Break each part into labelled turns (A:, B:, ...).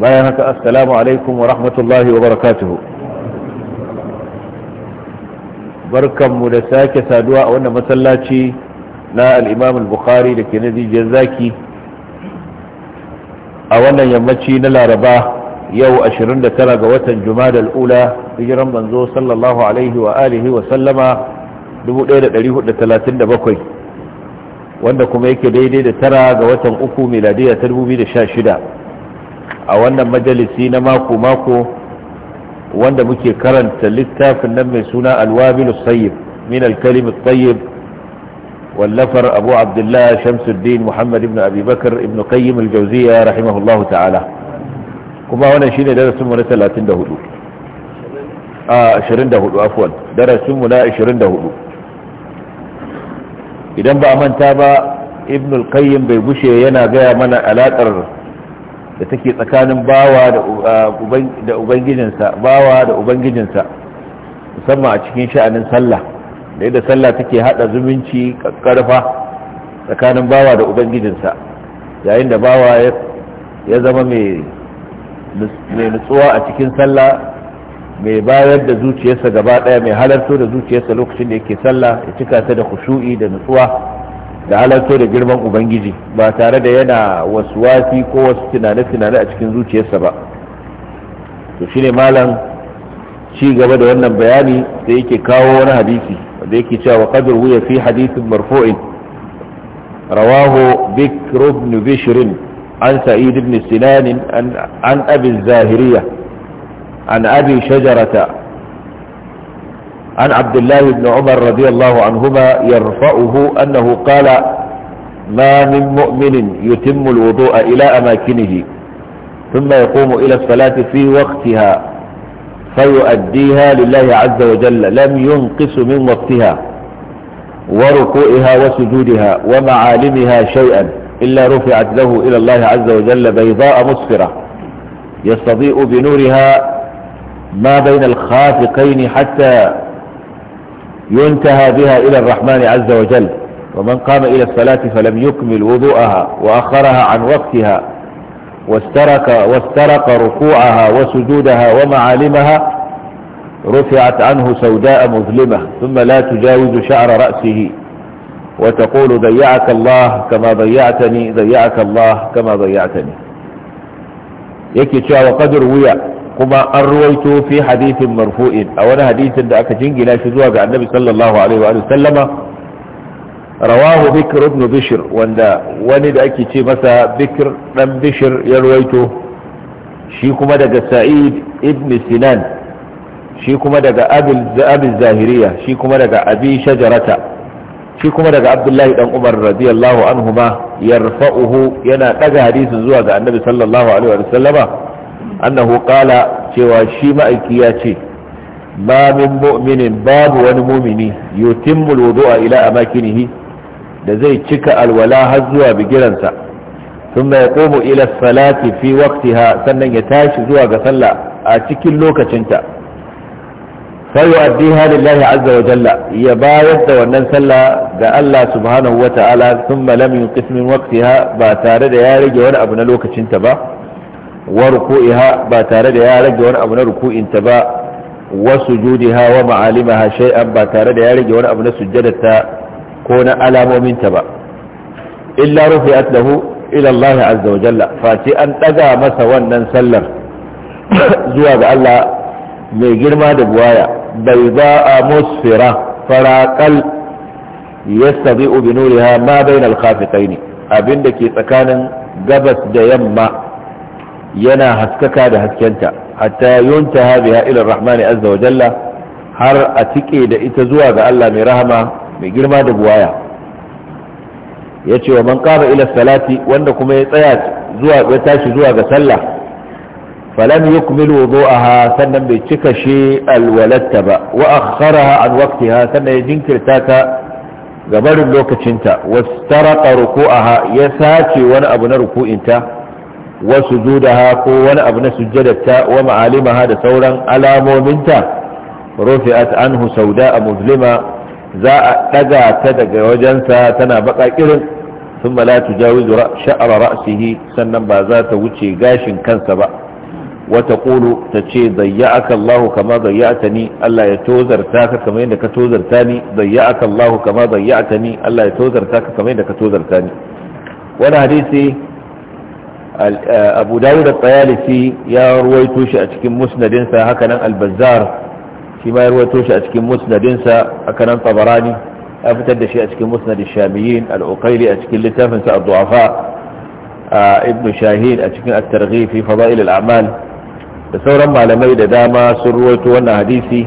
A: bayan haka assalamu alaikum wa rahmatullahi wa barakatuhu barkanmu da sake saduwa a wannan masallaci na al'imam al-bukhari da ke nadijin zaki a wannan yammaci na laraba yau 29 ga watan jumada al'ula hijiran manzo sallallahu alaihi wa alihi wa sallama 1437 wanda kuma yake daidai da tara ga watan uku miladiya ta 2016 a wannan majalisi na mako-mako wanda muke karanta littafin nan mai suna alwabilu sayyib min alkalimin sayyib wallafar abu abdullah shamsuddin muhammad ibn abubakar ibn qayyim aljauziya rahimahullahu ta'ala kuma wannan shine darasinmu na 34 a 24 afwan darasinmu na 24 idan ba manta ba ibn al bai bushe yana gaya mana alaƙar da take tsakanin bawa da ubangijinsa bawa da ubangijinsa musamman a cikin sha'anin sallah da yadda sallah take hada zumunci karfa tsakanin bawa da ubangijinsa yayin da bawa ya zama mai nutsuwa a cikin sallah mai bayar da zuciyarsa gaba daya mai halarto da zuciyarsa lokacin da yake sallah ya cika ta da khushu'i da nutsuwa da halarto da girman ubangiji ba tare da yana wasuwasi ko wasu tunane-tunane a cikin zuciyarsa ba to shine malam ci gaba da wannan bayani da yake kawo wani hadisi da yake cewa qadr wuya fi hadithin marfu'in rawahu bikr ibn bishr an sa'id ibn sinan an abi zahiriya an abi shajarata عن عبد الله بن عمر رضي الله عنهما يرفعه أنه قال ما من مؤمن يتم الوضوء إلى أماكنه ثم يقوم إلى الصلاة في وقتها فيؤديها لله عز وجل لم ينقص من وقتها وركوعها وسجودها ومعالمها شيئا إلا رفعت له إلى الله عز وجل بيضاء مصفرة يستضيء بنورها ما بين الخافقين حتى ينتهى بها إلى الرحمن عز وجل ومن قام إلى الصلاة فلم يكمل وضوءها وأخرها عن وقتها واسترك, واسترق ركوعها وسجودها ومعالمها رفعت عنه سوداء مظلمة ثم لا تجاوز شعر رأسه وتقول ضيعك الله كما ضيعتني ضيعك الله كما ضيعتني يكي شعر وقد ويأ kuma an ruwaito fi hadithin marfu'in a wani hadithin da aka jingina shi zuwa ga annabi sallallahu alaihi wa sallama rawahu bikr ibn bishr wanda wani da ake ce masa bikr dan bishr ya ruwaito shi kuma daga sa'id ibn sinan shi kuma daga abin zahiriya shi kuma daga abi shajarata shi kuma daga abdullahi dan umar radiyallahu anhuma yarfa'uhu yana daga hadisin zuwa ga annabi sallallahu alaihi wa sallama annahu kala cewa shi ma'aiki ya ce ma mu'minin babu wani mumini yutimmu wudu'a ila amakinihi da zai cika alwala har zuwa bigiransa thumma yaqumu ila salati fi waqtiha sannan ya tashi zuwa ga sallah a cikin lokacinta sai wa addiha lillahi azza wa ya bayar da wannan sallah ga Allah subhanahu wa ta'ala thumma lam yuqis min waqtiha ba tare da ya rage wani abu na lokacinta ba wa ruku'iha ba tare da ya rage wani abu na ruku'inta ba wa sujudiha wa ma'alimaha shay'an ba tare da ya rage wani abu na sujjadarta ko na alamominta ba illa rufi'at lahu ila Allah azza wa jalla fati an daga masa wannan sallar zuwa ga Allah mai girma da buwaya bai ba a musfira faraƙal yastabi'u bi nuriha ma bainal khafiqaini abinda ke tsakanin gabas da yamma yana haskaka da haskenta hatta yuntaha biha ila ar-rahman azza wa jalla har a tike da ita zuwa ga Allah mai rahama mai girma da buwaya yace wa man qama ila salati wanda kuma ya tsaya zuwa ya tashi zuwa ga sallah falam yukmil wudu'aha sannan bai cika shi alwalatta ba wa akhkharaha an waqtiha sannan ya jinkirta ta gabarin barin lokacinta wastaraqa ruku'aha ya sace wani abu na ruku'inta wasu sujudaha ko wani abu na sujjadarta wa ma'alimaha da sauran alamominta rufi'at anhu sauda a muslima za a ɗaga ta daga wajensa tana baka kirin sun la tujawizu sha'ara ra'sihi sannan ba za ta wuce gashin kansa ba wata kulu ta ce zayya'aka Allah kama zayya'ata ni Allah ya tozarta ka kamar yadda ka tozarta ni zayya'aka Allah kama zayya'ata ni Allah ya tozarta ka kamar yadda ka tozarta ni wani hadisi Eh, abu dawud at-tayalisi ya ruwaito shi a cikin musnadinsa hakanan al-bazzar shi ma ya ruwaito shi a cikin musnadinsa haka nan tabarani ya fitar da shi a cikin musnadin ash-shamiyin al-uqayli a cikin littafinsa sa ad-du'afa ibn shahin a cikin at-targhib fi fada'il al-a'mal da sauran malamai da dama sun ruwaito wannan hadisi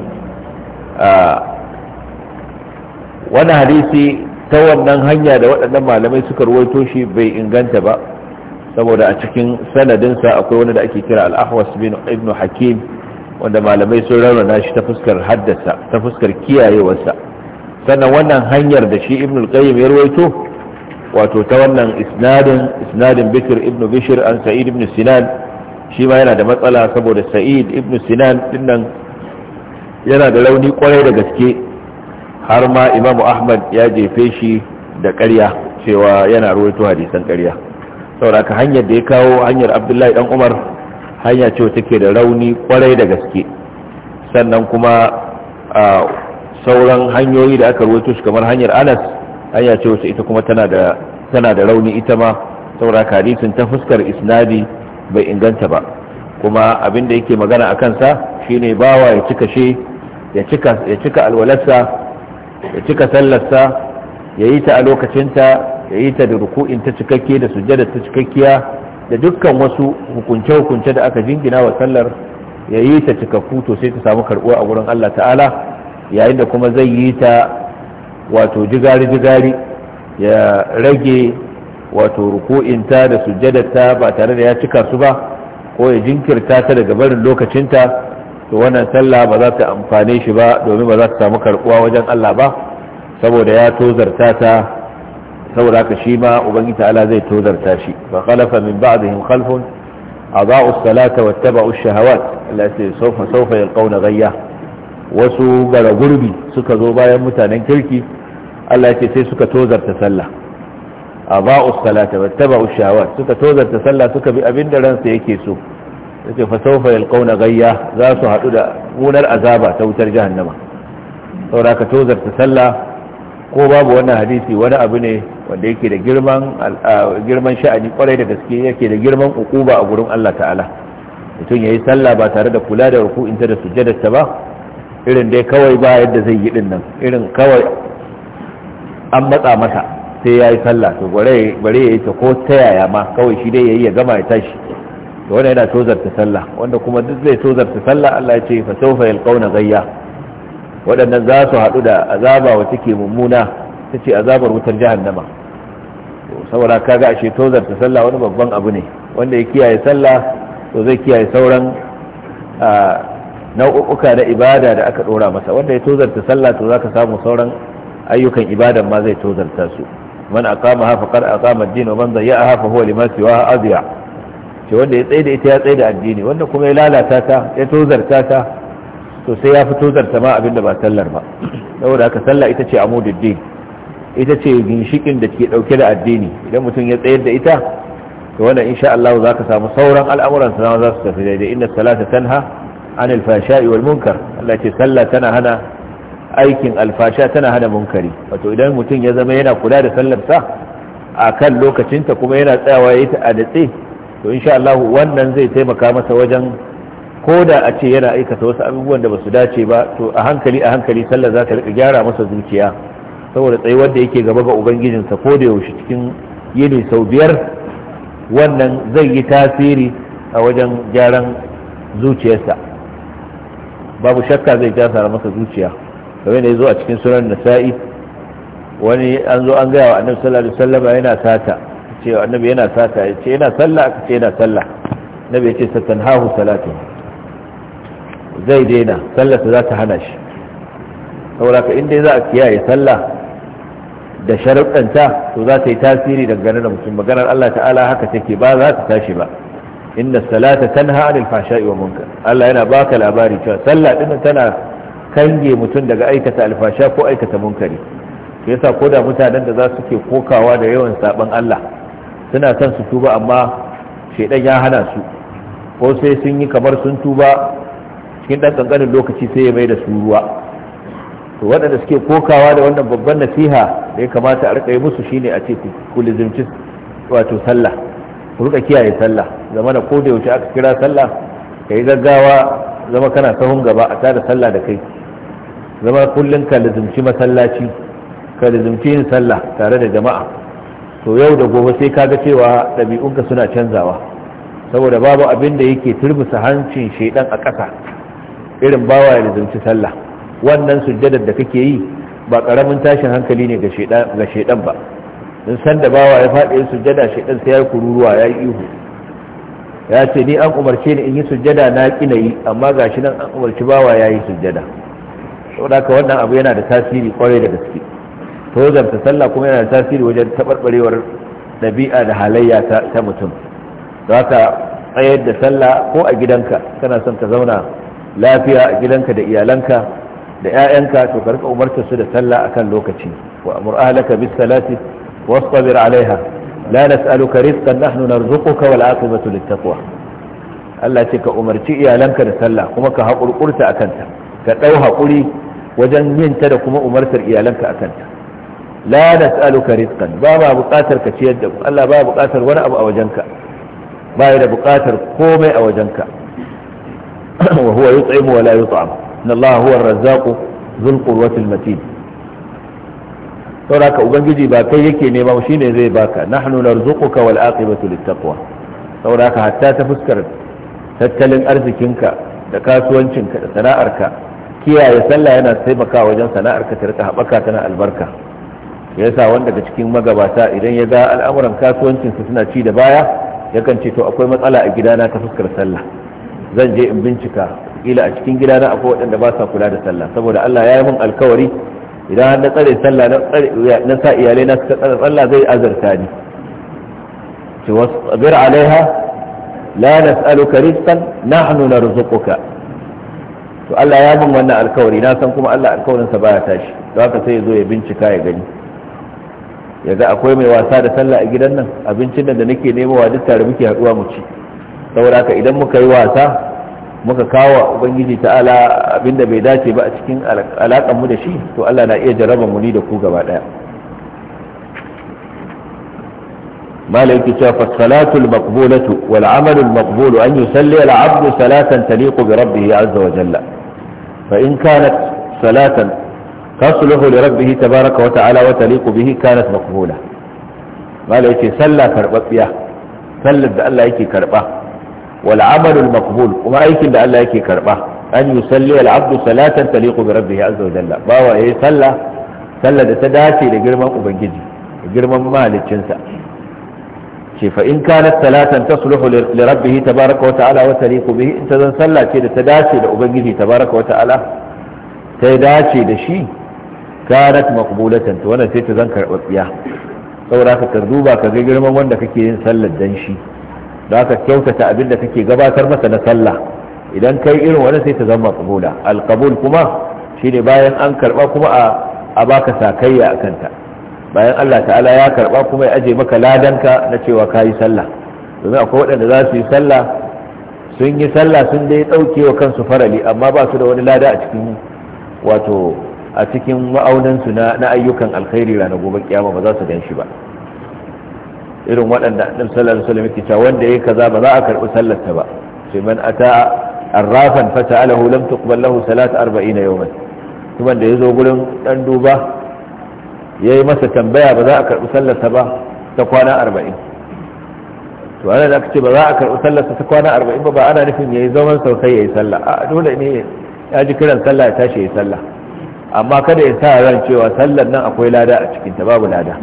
A: wannan hadisi ta wannan hanya da waɗannan malamai suka ruwaito shi bai inganta ba saboda a cikin sanadinsa akwai wani da ake kira al'ahwas bin ibn hakim wanda malamai sun na shi ta fuskar haddasa ta fuskar kiyayewarsa sannan wannan hanyar da shi ibn al-qayyim ya rawaito wato ta wannan isnadin isnadin bikr ibn bishr an sa'id ibn sinan shi ma yana da matsala saboda sa'id ibn sinan dinnan yana da rauni kwarai da gaske har ma imamu ahmad ya jefe shi da ƙarya cewa yana rawaito hadisan ƙarya sauraka hanyar da ya kawo hanyar abdullahi dan umar hanya ce take da rauni kwarai da gaske sannan kuma a sauran hanyoyi da aka ruwaito su kamar hanyar anas hanya ce wasu ita kuma tana da rauni ita ma sauraka hadisin ta fuskar isnadi bai inganta ba kuma abin da yake magana a kansa shine bawa ya cika shi ya cika ya cika alwalarsa ya cika sallarsa ya yi ta a lokacinta yayi yi ta da ruku'in ta cikakke da sujjada ta cikakkiya da dukkan wasu hukunce-hukunce da aka jingina wa sallar ya yi ta cikakku to sai ta samu karbuwa a wurin Allah ta'ala yayin da kuma zai yi ta wato jigari-jigari ya rage wato ruku'inta da sujjadarta ba tare da ya cika su ba ko ya jinkirta ta daga barin lokacinta to wannan sallah ba za ta amfane shi ba domin ba za ta samu karbuwa wajen Allah ba saboda ya tozarta ta saboda haka shi ma ubangiji ta'ala zai tozarta shi fa khalafa min ba'dihim khalfun أضاعوا الصلاة واتبعوا الشهوات التي سوف سوف يلقون غيا wasu gara gurbi suka zo bayan mutanen kirki Allah ce sai suka tozarta sallah a ba'u salata wattaba'u shahawat suka tozarta sallah suka bi abin da ransa yake so yace fa sawfa yalqawna ghayya za su hadu da munar azaba ta wutar jahannama saboda ka tozarta sallah ko babu wannan hadisi wani abu ne wanda yake da girman girman sha'ani kwarai da gaske yake da girman ukuba a gurin Allah ta'ala mutum yayi sallah ba tare da kula da ruku'in ta da sujjadar ta ba irin dai kawai ba yadda zai yi din nan irin kawai an matsa masa sai yayi sallah to gore bare yayi ta ko ta yaya ma kawai shi dai yayi ya gama ya tashi to wannan yana tozarta sallah wanda kuma duk zai tozarta sallah Allah ya ce fa sawfa yalqauna ghayya waɗannan za su haɗu da azaba wacce ke mummuna ta ce azabar wutar jahannama saboda kaga ashe tozar ta sallah wani babban abu ne wanda ya kiyaye sallah to zai kiyaye sauran nau'uka na ibada da aka ɗora masa wanda ya tozarta sallah to za ka samu sauran ayyukan ibadan ma zai tozarta su man aqama ha faqad aqama ad-din wa man dayya'aha fa huwa lima siwaha adiya ce wanda ya tsaye da ita ya tsaye da addini wanda kuma ya lalata ta ya tozarta ta to sai ya fito zarta ma abin da ba sallar ba saboda haka sallah ita ce amududdin ita ce ginshikin da ke dauke da addini idan mutum ya tsayar da ita to wannan insha Allah za ka samu sauran al'amuran sa za su tafi daidai inna salata tanha anil fashai wal munkar Allah ce sallah tana hana aikin alfasha tana hana munkari wato idan mutum ya zama yana kula da sallar sa akan lokacinta kuma yana tsayawa ya ta a datse to insha Allah wannan zai taimaka masa wajen ko da a ce yana aikata wasu abubuwan da ba su dace ba to a hankali a hankali sallah za ta rika gyara masa zuciya saboda tsayuwar da yake gaba ga ubangijinsa ko da yaushe cikin yini sau biyar wannan zai yi tasiri a wajen gyaran zuciyarsa babu shakka zai sara masa zuciya kamar yadda ya zo a cikin sunan nasa'i wani an zo an gaya wa annabi sallallahu alaihi wasallam yana sata cewa annabi yana sata ya ce yana sallah aka ce yana sallah annabi ya ce hahu salatu zai daina sallarsa za ta hana shi sauraka inda za a kiyaye sallah da sharuɗanta to za ta yi tasiri dangane da mutum maganar Allah ta'ala haka take ba za ta tashi ba Inda salata tanha anil fashai wa munkar Allah yana baka labari cewa sallah din tana kange mutum daga aikata alfasha ko aikata munkari shi yasa koda mutanen da za su ke kokawa da yawan saban Allah suna son su tuba amma shedan ya hana su ko sai sun yi kamar sun tuba cikin ɗan ƙanƙanin lokaci sai ya mai da su ruwa to waɗanda suke kokawa da wannan babban nasiha da ya kamata a riƙa yi musu shine a ce ku lizimci wato sallah ku riƙa kiyaye sallah zama da ko da yaushe aka kira sallah ka yi gaggawa zama kana sahun gaba a tada sallah da kai zama kullum ka lizimci masallaci ka lizimci yin sallah tare da jama'a to yau da gobe sai kaga cewa ɗabi'unka suna canzawa saboda babu abin da yake turbusa hancin shaidan a ƙasa irin bawa ya zunci sallah wannan sujjadar da kake yi ba karamin tashin hankali ne ga shaidan ba in san da bawa ya faɗi yin sujjada shaidan sai ya yi kururuwa ya yi ihu ya ce ni an umarce ni in yi sujjada na ƙi yi amma ga shi nan an umarci bawa ya yi sujjada saboda haka wannan abu yana da tasiri kwarai da gaske tozarta sallah kuma yana da tasiri wajen taɓarɓarewar ɗabi'a da halayya ta mutum za ka tsayar da sallah ko a gidanka kana son ka zauna lafiya a gidanka da iyalanka da 'ya'yanka to karka umarta su da sallah akan lokaci wa amur ahlaka bis salati wasbir alaiha la nas'aluka rizqan nahnu narzuquka wal aqibatu lit taqwa Allah ce ka umarci iyalanka da sallah kuma ka haƙurƙurta akan ta ka ɗau haƙuri wajen yin ta da kuma umartar iyalanka akan ta la nas'aluka rizqan ba ba buƙatar ka ciyar da Allah ba buƙatar wani abu a wajenka ba ya da buƙatar komai a wajenka wa huwa yut'imu wa saboda ka ubangiji ba kai yake nema shi ne zai baka nahnu narzuquka wal aqibatu lit-taqwa saboda ka hatta ta fuskar tattalin arzikinka da kasuwancinka da sana'arka kiyaye sallah yana taimakawa wajen sana'arka ta rika haɓaka tana albarka ya yasa wanda daga cikin magabata idan ya ga al'amuran kasuwancinsa suna ci da baya yakan ce to akwai matsala a gidana ta fuskar sallah zan je in bincika ila a cikin gidana akwai waɗanda ba sa kula da sallah saboda Allah ya yi min alkawari idan har na tsare sallah na sa iyalai na suka tsare sallah zai azarta ni ce wasbir alaiha la nas'aluka rizqan nahnu narzuquka to Allah ya min wannan alkawari na san kuma Allah alkawarin sa baya tashi don haka sai ya zo ya bincika ya gani ya ga akwai mai wasa da sallah a gidan nan abincin da nake nema duk tare muke haɗuwa mu ci saboda haka idan muka yi wasa muka kawo ubangiji ta'ala abinda bai dace ba a cikin alakan mu da shi to Allah na iya jarraba mu ni da ku gaba daya malaki cewa fa salatul maqbulatu wal amalul maqbulu an yusalli al abdu salatan taliqu bi rabbih azza wa jalla fa in kanat salatan tasluhu li rabbih tabaaraka wa ta'ala wa taliqu bihi kanat maqbula malaki sallah karbabbiya sallar da Allah yake karba wal Makbul kuma aikin da Allah yake karba an yayi sallah sallah da ta dace da girman ce da ta dace da dace da duba ka ga girman wanda kake yin sallar da kyautata abin da kake gabatar masa na sallah idan kai irin wani sai ta zama kabula alkabul kuma shine bayan an karba kuma a baka sakayya a kanta bayan Allah ta'ala ya karba kuma ya aje maka ladanka na cewa ka yi sallah domin akwai waɗanda za su yi sallah sun yi sallah sun dai ɗauke wa kansu farali amma ba su da wani lada a cikin wato a cikin ma'aunansu na ayyukan alkhairi ranar gobe kiyama ba za su gan shi ba irin waɗanda ɗan sallar alaihi wasallam yake cewa wanda yayi kaza ba za a karɓi sallarta ba sai man ata arrafan alahu lam tuqbal lahu salat 40 yawman kuma da zo gurin ɗan duba ya yi masa tambaya ba za a karɓi sallarta ba ta kwana 40 to ana da aka ce ba za a karɓi sallarta ta kwana 40 ba ba ana nufin ya yi zaman sosai ya yi sallah a dole ne ya ji kiran sallah ya tashi ya yi sallah amma kada ya sa ran cewa sallar nan akwai lada a cikinta babu lada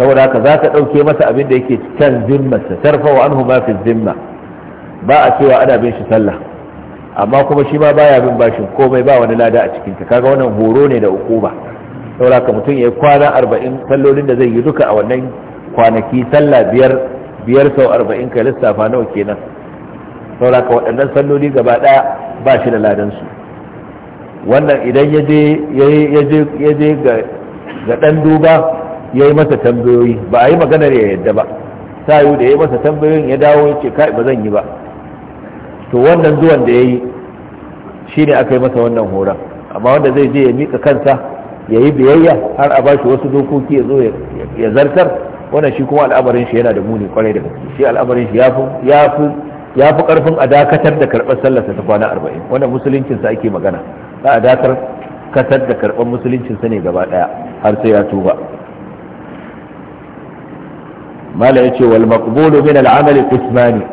A: saboda haka za ka ɗauke masa abin da yake can zimmarsa tarfa wa anhu ma fi zimma ba a cewa ana bin shi sallah amma kuma shi ma baya bin bashin komai ba wani lada a cikin ta kaga wannan horo ne da ukuba saboda haka mutum ya kwana arba'in sallolin da zai yi duka a wannan kwanaki sallah biyar biyar sau arba'in ka lissafa nawa kenan saboda haka waɗannan salloli gaba ɗaya ba shi da ladansu wannan idan ya je ga ɗan duba ya yi masa tambayoyi ba a yi maganar ya yadda ba sayu da ya yi masa tambayoyin ya dawo ya ce kai ba zan yi ba to wannan zuwan da ya yi shi ne aka yi masa wannan horon amma wanda zai je ya miƙa kansa ya yi biyayya har a bashi wasu dokoki ya zo ya zartar wannan shi kuma al'amarin shi yana da muni kwarai da gaske shi al'amarin shi ya fi karfin a dakatar da karɓar sallarsa ta kwana arba'in wannan musuluncinsa ake magana za a dakatar kasar da karɓar musuluncinsa ne gaba ɗaya har sai ya tuba mala yace wal maqbulu min al amal qismani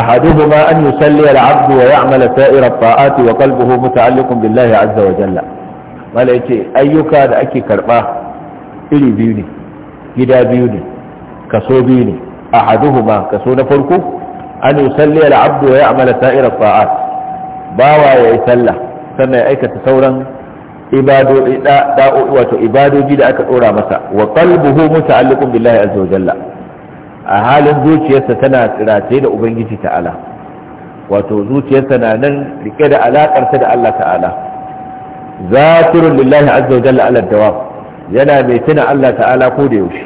A: أحدهما أن يصلي العبد ويعمل سائر الطاعات وقلبه متعلق بالله عز وجل wala yace ayyuka da ake karba iri biyu ne gida biyu ne kaso biyu ne ahaduhuma kaso na farko an yusalli al-abdu wa ya'mala sa'ir at bawa ya sallah ya aikata sauran ibadoji wato ibadoji da aka dora masa wa qalbuhu muta'alliqun billahi azza wa a halin zuciyarsa tana tsirace da ubangiji ta'ala wato zuciyarsa na nan rike da alakarsa da Allah ta'ala zatirun lillahi azza wa jalla ala dawam yana mai tuna Allah ta'ala ko da yaushe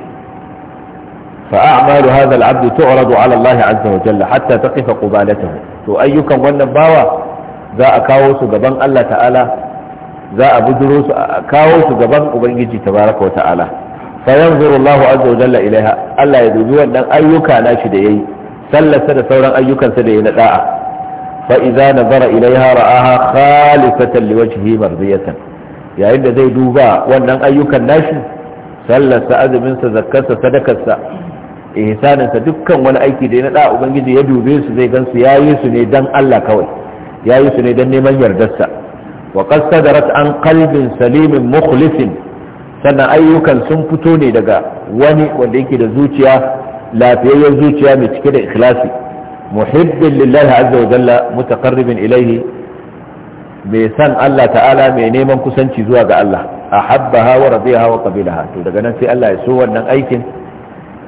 A: فأعمال هذا العبد تعرض على الله عز وجل حتى تقف قبالته to ayyukan wannan bawa za a kawo su gaban Allah ta'ala za a bujuro su a kawo su gaban ubangiji tabaraka wata'ala fa yanzuru Allah azza wa jalla ilaiha Allah ya dubi wannan ayyuka na shi da yayi sallarsa da sauran ayyukansa da yayi na da'a fa idza nazara ilaiha ra'aha khalisatan liwajhihi mardiyatan yayin da zai duba wannan ayyukan nashi sallarsa sa zakkarsa sadakarsa ihsaninsa dukkan wani aiki da ya naɗa ubangiji ya dube su zai gansu ya yi su ne don Allah kawai ya yi su ne don neman yardarsa wa qasadarat an kalbin salimin mukhlisin sannan ayyukan sun fito ne daga wani wanda yake da zuciya lafiyayyar zuciya mai cike da ikhlasi muhibbin lillahi azza wa jalla mutaqarribin ilayhi mai san Allah ta'ala mai neman kusanci zuwa ga Allah ahabbaha wa radiyaha wa qabilaha to daga nan sai Allah ya so wannan aikin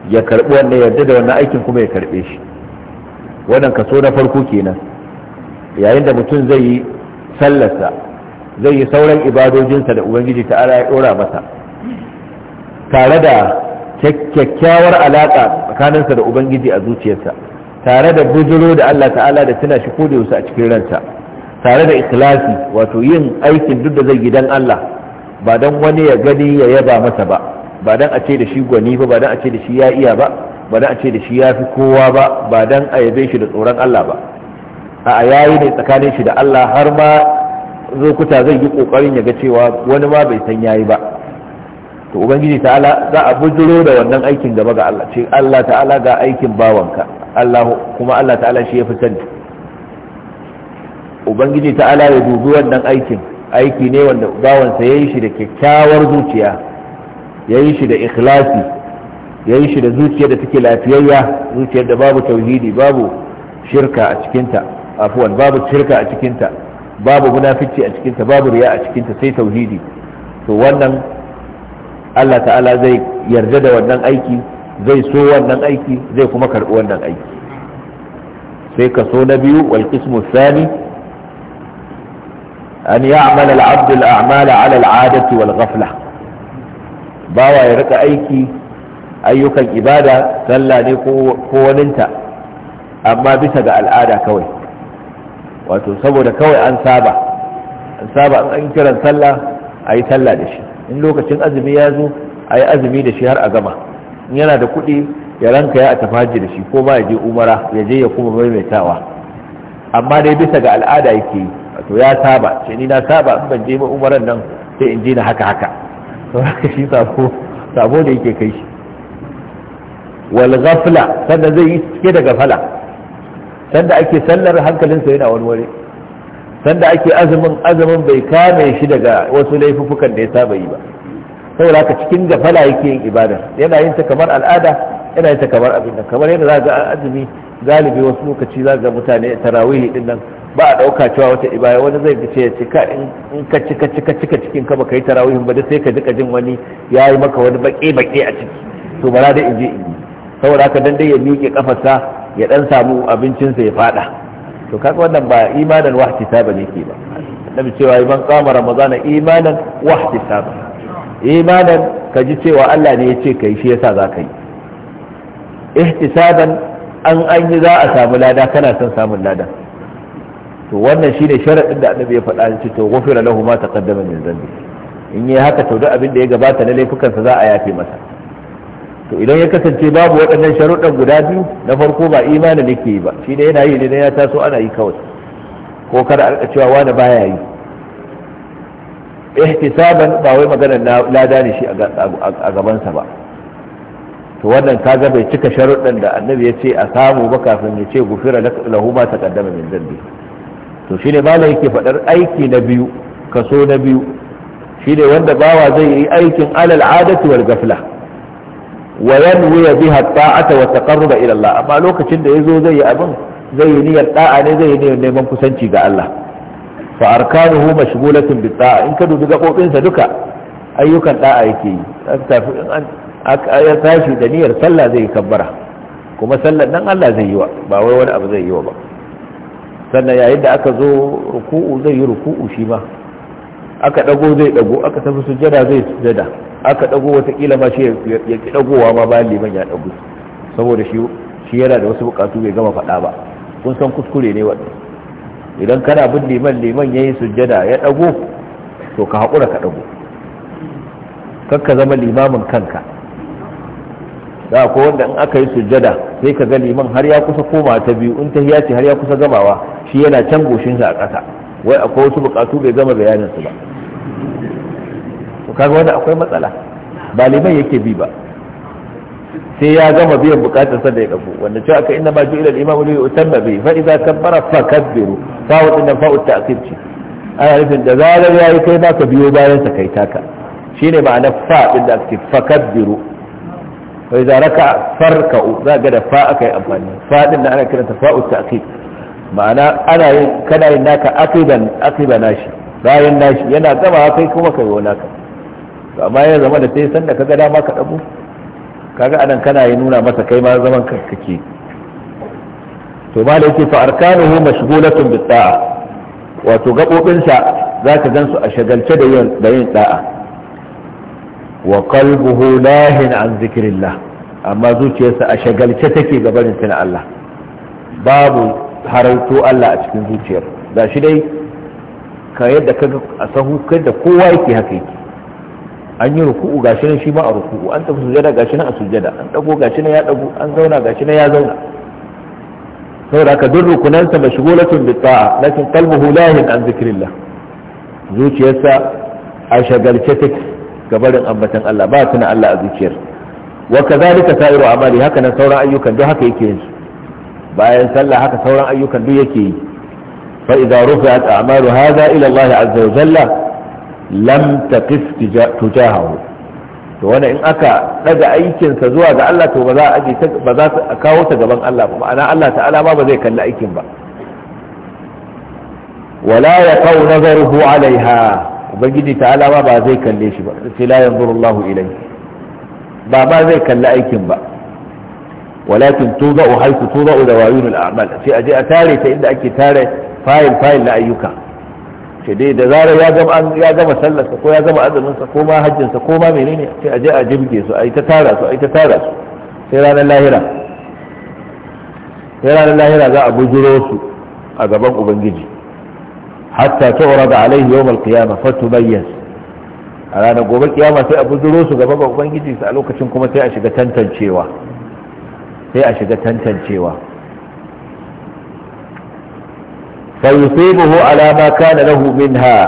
A: ya karbi wannan yarda da wannan aikin kuma ya karbe shi wannan kaso na farko kenan yayin da mutum zai yi sallarsa zai yi sauran ibadojinsa da ubangiji ala ya ɗora masa tare da kyakkyawar alaƙa tsakaninsa da ubangiji a zuciyarsa tare da bujiro da Allah ta'ala da tana shi koda wasu a cikin ransa tare da ikhlasi wato yin aikin duk da zai yi don Allah ba don wani ya gani ya yaba masa ba ba don a ce da shi gwani ba ba don a ce da shi ya iya ba ba don a ce da shi ya fi kowa ba ba don a yabe shi da tsoron Allah ba a yayi ne tsakanin shi da Allah har ma zokuta zai yi kokarin ya ga cewa wani ma bai san yayi ba to ubangiji ta'ala za a bujiro da wannan aikin gaba ga Allah ce Allah ta'ala ga aikin bawanka Allah kuma Allah ta'ala shi ya sani ubangiji ta'ala ya dubi wannan aikin aiki ne wanda bawansa ya yi shi da kyakkyawar zuciya ya yi shi da ikhlasi ya yi shi da zuciyar da take lafiyayya zuciyar da babu tauhidi babu shirka a cikinta afuwan babu shirka a cikinta babu munafici a cikinta babu riya a cikinta sai tauhidi to wannan Allah ta'ala zai yarda da wannan aiki zai so wannan aiki zai kuma karɓi wannan aiki sai ka so na biyu wal qismu thani an ya'mal al 'abd al a'mal 'ala al 'adati wal ghafla bawa ya rika aiki ayyukan ibada sallah ne ko waninta amma bisa ga al'ada kawai wato saboda kawai an saba an saba an kiran sallah a yi sallah da shi in lokacin azumi ya zo a yi azumi da shi har a gama in yana da kuɗi ya ranka ya a tafaji da shi ko ba ya je umara ya je ya kuma maimaitawa amma dai bisa ga al'ada yake yi wato ya saba ce ni na saba in ban je ma umaran nan sai in je na haka haka to haka shi sabo sabo da yake kai shi wal ghafla sannan zai yi cike da gafala sanda ake sallar hankalinsa yana warware sanda ake azumin azumin bai kame shi daga wasu laifuffukan da ya saba yi ba saboda haka cikin gafala yake yin ibada yana yin ta kamar al'ada yana yin ta kamar abin nan kamar yadda za ga azumi galibi wasu lokaci za ga mutane tarawihi din nan ba a dauka cewa wata ibada wani zai ce ya cika in ka cika cika cika cikin ka baka yi tarawih ba sai ka jika jin wani yi maka wani baƙe baƙe a ciki to bara da in je in saboda haka dan dai ya miƙe kafarsa ya dan samu abincinsa ya fada to kaga wannan ba imanan wahtisaba ne ke ba annabi cewa iman qama ramadana imanan wahtisaba imanan ka ji cewa Allah ne ya ce kai shi yasa za ka yi ihtisaban an an yi za a samu lada kana son samun lada to wannan shine sharadin da annabi ya faɗa shi to ghufira lahu ma taqaddama min dhanbi in yi haka to duk abin da ya gabata na laifukansa za a yafe masa to idan ya kasance babu waɗannan sharuɗan guda biyu na farko ba imani nake yi ba shi ne yana yi ne ya taso ana yi kawai ko kada a cewa wani baya yi ihtisaban ba wai maganar lada ne shi a gabansa ba to wannan kaga bai cika sharuɗan da annabi ya ce a samu ba kafin ya ce gufira lahu ma kaddama min dhanbi to shine malai yake faɗar aiki na biyu kaso na biyu shine wanda bawa zai yi aikin alal adati wal gafla wa yanwi biha ta'ata wa taqarruba ila Allah amma lokacin da yazo zai yi abin zai yi niyyar da'a ne zai yi niyyar neman kusanci ga Allah fa arkanuhu mashghulatun bi da'a in ka dubi gabobin sa duka ayyukan da'a yake yi an ya tashi da niyyar sallah zai kabbara kuma sallar nan Allah zai yi wa ba wani abu zai yi wa ba sannan yayin da aka zo ruku'u zai yi ruku'u shi ma aka dago zai dago aka tafi sujada zai sujada aka dago watakila ma shi ya ƙi dagowa ma bayan liman ya dago saboda shi yana da wasu bukatu bai gama faɗa ba kun san kuskure ne wadda idan kana bin liman liman ya yi sujada ya dago to ka haƙura ka dago kakka zama limamin kanka da ko wanda in aka yi sujjada sai ka ga liman har ya kusa koma ta biyu in ta hiyace har ya kusa gamawa shi yana can goshinsa a ƙasa wai akwai wasu bukatu bai zama bayanin su ba to kaga wani akwai matsala ba liman yake bi ba sai ya gama biyan bukatar sa da ya kafu wanda cewa aka inna ma ju'ila al-imam li yutamma bi fa idza kabbara fakabbiru fa'u inna fa'u ta'khir ce ana nufin da zarar yi kai ba ka biyo bayan sa kai taka shi ne ma'ana fa din da ake fakabbiru fa idza raka farka'u za ga da fa aka yi amfani fa din da ana kiranta fa fa'u ta'khir ma'ana ana yin kana yin naka akiban akiba nashi bayan nashi yana gama kai kuma kai wa naka to amma ya zama da sai san da kaga dama ka dabu kaga anan kana yi nuna masa kai ma zaman ka kake to ma da yake fa arkanuhu mashghulatun bit da'a wato gabobin sa zaka gansu a shagalce da yin da yin da'a wa qalbuhu lahin an zikrillah amma zuciyarsa a shagalce take gabanin tana Allah babu harauto Allah a cikin zuciyar da shi dai ka yadda ka a sahu da kowa yake haka yake an yi ruku'u gashi nan shi ma a ruku'u an tafi sujada gashi nan a sujada an dago gashi nan ya dago an zauna gashi nan ya zauna saboda ka duk rukunansa mashghulatun bi ta'a lakin qalbuhu lahin an zikrillah zuciyarsa a shagalce take gabarin ambatan Allah ba tuna Allah a zuciyar wa kadhalika sa'iru amali haka nan sauran ayyukan duk haka yake yin su bayan sallah haka sauran ayyukan duk yake yi fa idza rufi'at a'malu hadha ila Allah azza wa jalla lam taqif tujahahu to wannan in aka daga aikin sa zuwa ga Allah to ba za a ba za a kawo ta gaban Allah ba ma'ana Allah ta'ala ma ba zai kalli aikin ba wala yaqau nazaruhu alaiha ubangiji ta'ala ma ba zai kalle shi ba sai la yanzuru Allahu ilayhi ba ba zai kalli aikin ba walakin tuza'u haiku tuza'u da wayunul a'mal sai aje a tare ta inda ake tare fayil fayil na ayyuka sai da zarar ya gama ya gama sallar ko ya gama azumin sa ko ma hajjin sa ko ma menene sai aje a jibge su ai ta tara su ai ta tara su sai ranar lahira sai ranar lahira za a bujiro su a gaban ubangiji hatta tu'rada alaihi yawm al fatu fatubayyas a ranar gobe kiyama sai a buzuro su gaban ubangiji su a lokacin kuma sai a shiga tantancewa sai a shiga tantancewa fayusibuhu ala ma kana lahu minha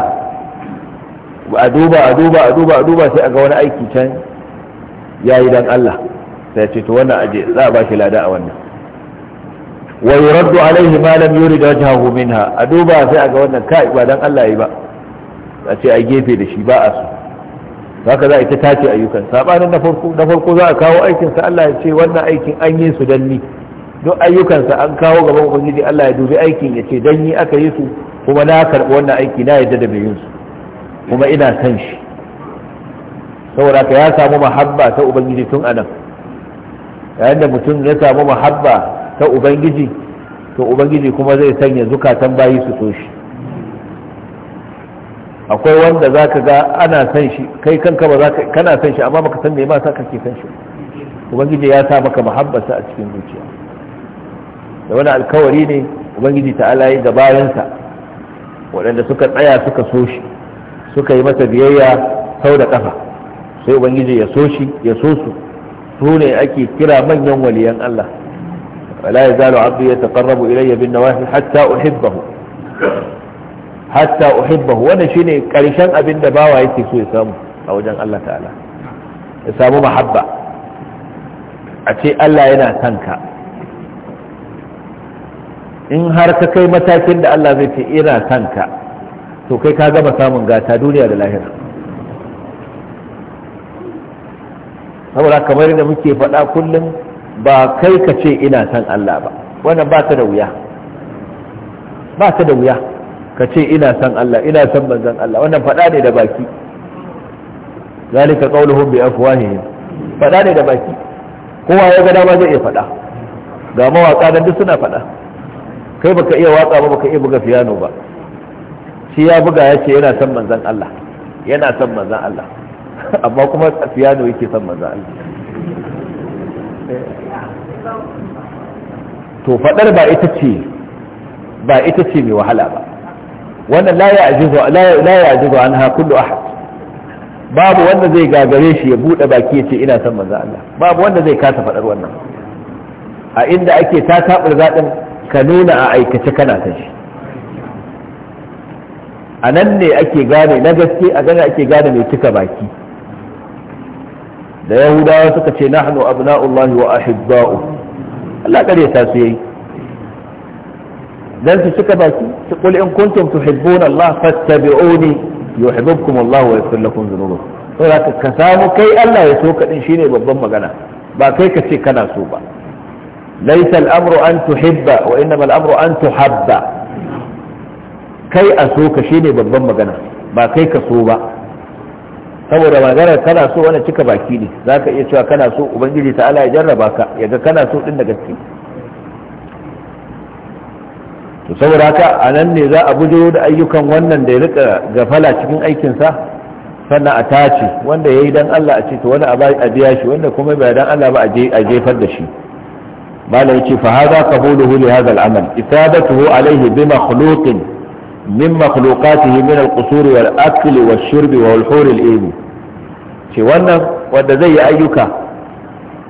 A: a duba a duba a duba a duba sai a ga wani aiki can yayi dan Allah sai ce to wannan aje za a bashi lada a wannan wa yuraddu alaihi ma lam yurid wajhahu minha a duba sai a ga wannan kai ba dan Allah yi ba a ce a gefe da shi ba a so haka za a ita tace ayyukan sabanin na farko na farko za a kawo aikin sa Allah ya ce wannan aikin an yi su dan ni duk ayyukan sa an kawo gaban ubangiji Allah ya dubi aikin ya ce dan ni aka yi su kuma na karbi wannan aiki na yadda da bayin su kuma ina san shi saboda ka ya samu mahabba ta ubangiji tun anan yayin da mutum ya samu mahabba ta ubangiji to ubangiji kuma zai sanya zukatan bayi su so shi akwai wanda za ka ga ana san shi kai kanka ba kana san shi amma baka san me ma sa kake san shi ubangiji ya sa maka muhabbata a cikin zuciya da wani alkawari ne ubangiji ta'ala yi bayansa waɗanda suka tsaya suka so shi suka yi masa biyayya sau da ƙafa sai ubangiji ya so shi ya so su su ne ake kira manyan waliyan Allah wala yazalu abdu yataqarrabu ilayya bin nawahi hatta uhibbahu hatta uhibbahu wannan shine karshen abin da bawa yake so ya samu a wajen Allah ta'ala ya samu mahabba a ce Allah yana son ka in har ka kai matakin da Allah zai ce ina son ka to kai ka gama samun gata duniya da lahira saboda kamar da muke faɗa kullum ba kai ka ce ina son Allah ba wannan ba ta da wuya ba ta da wuya ka ce ina san Allah ina san manzon Allah wannan faɗa ne da baki zalika qauluhum bi afwahihim faɗa ne da baki kowa ya ga dama zai iya faɗa ga mawaka dan duk suna faɗa kai baka iya waka ba baka iya buga piano ba shi ya buga ya ce yana san manzon Allah yana san manzon Allah amma kuma piano yake san manzon Allah to faɗar ba ita ce ba ita ce mai wahala ba wannan la ya'jizu la an anha kullu ahad babu wanda zai gagare shi ya buɗe baki ya ce ina son manzo Allah babu wanda zai kasa fadar wannan a inda ake ta tabar zadin ka nuna a aikace kana ta shi a nan ne ake gane na gaske a gane ake gane mai cika baki da yahudawa suka ce nahnu abna'ullahi wa ahibba'u Allah kare ta su yayi dan su cika baki su qul in kuntum tuhibbuna Allah fattabi'uni yuhibbukum Allah wa yaghfir lakum dhunubakum saboda ka samu kai Allah ya so ka din shine babban magana ba kai ka ce kana so ba laysa al-amru an tuhibba wa innama al-amru an tuhabba kai a so ka shine babban magana ba kai ka so ba saboda maganar kana so wani cika baki ne za ka iya cewa kana so ubangiji ala ya jarraba ka yaga kana so din da gaske to saboda haka a nan ne za a bujo da ayyukan wannan da ya rika gafala cikin aikinsa sannan a tace wanda ya yi don Allah a ce to wani a biya shi wanda kuma ba don Allah ba a jefar da shi mala ya ce fa haza qabuluhu li hadha al-amal ifadatuhu alayhi bi makhluqin min makhluqatihi min al-qusur wal wa shirbi wa wal hur al-ayn ce wannan wanda zai yi ayyuka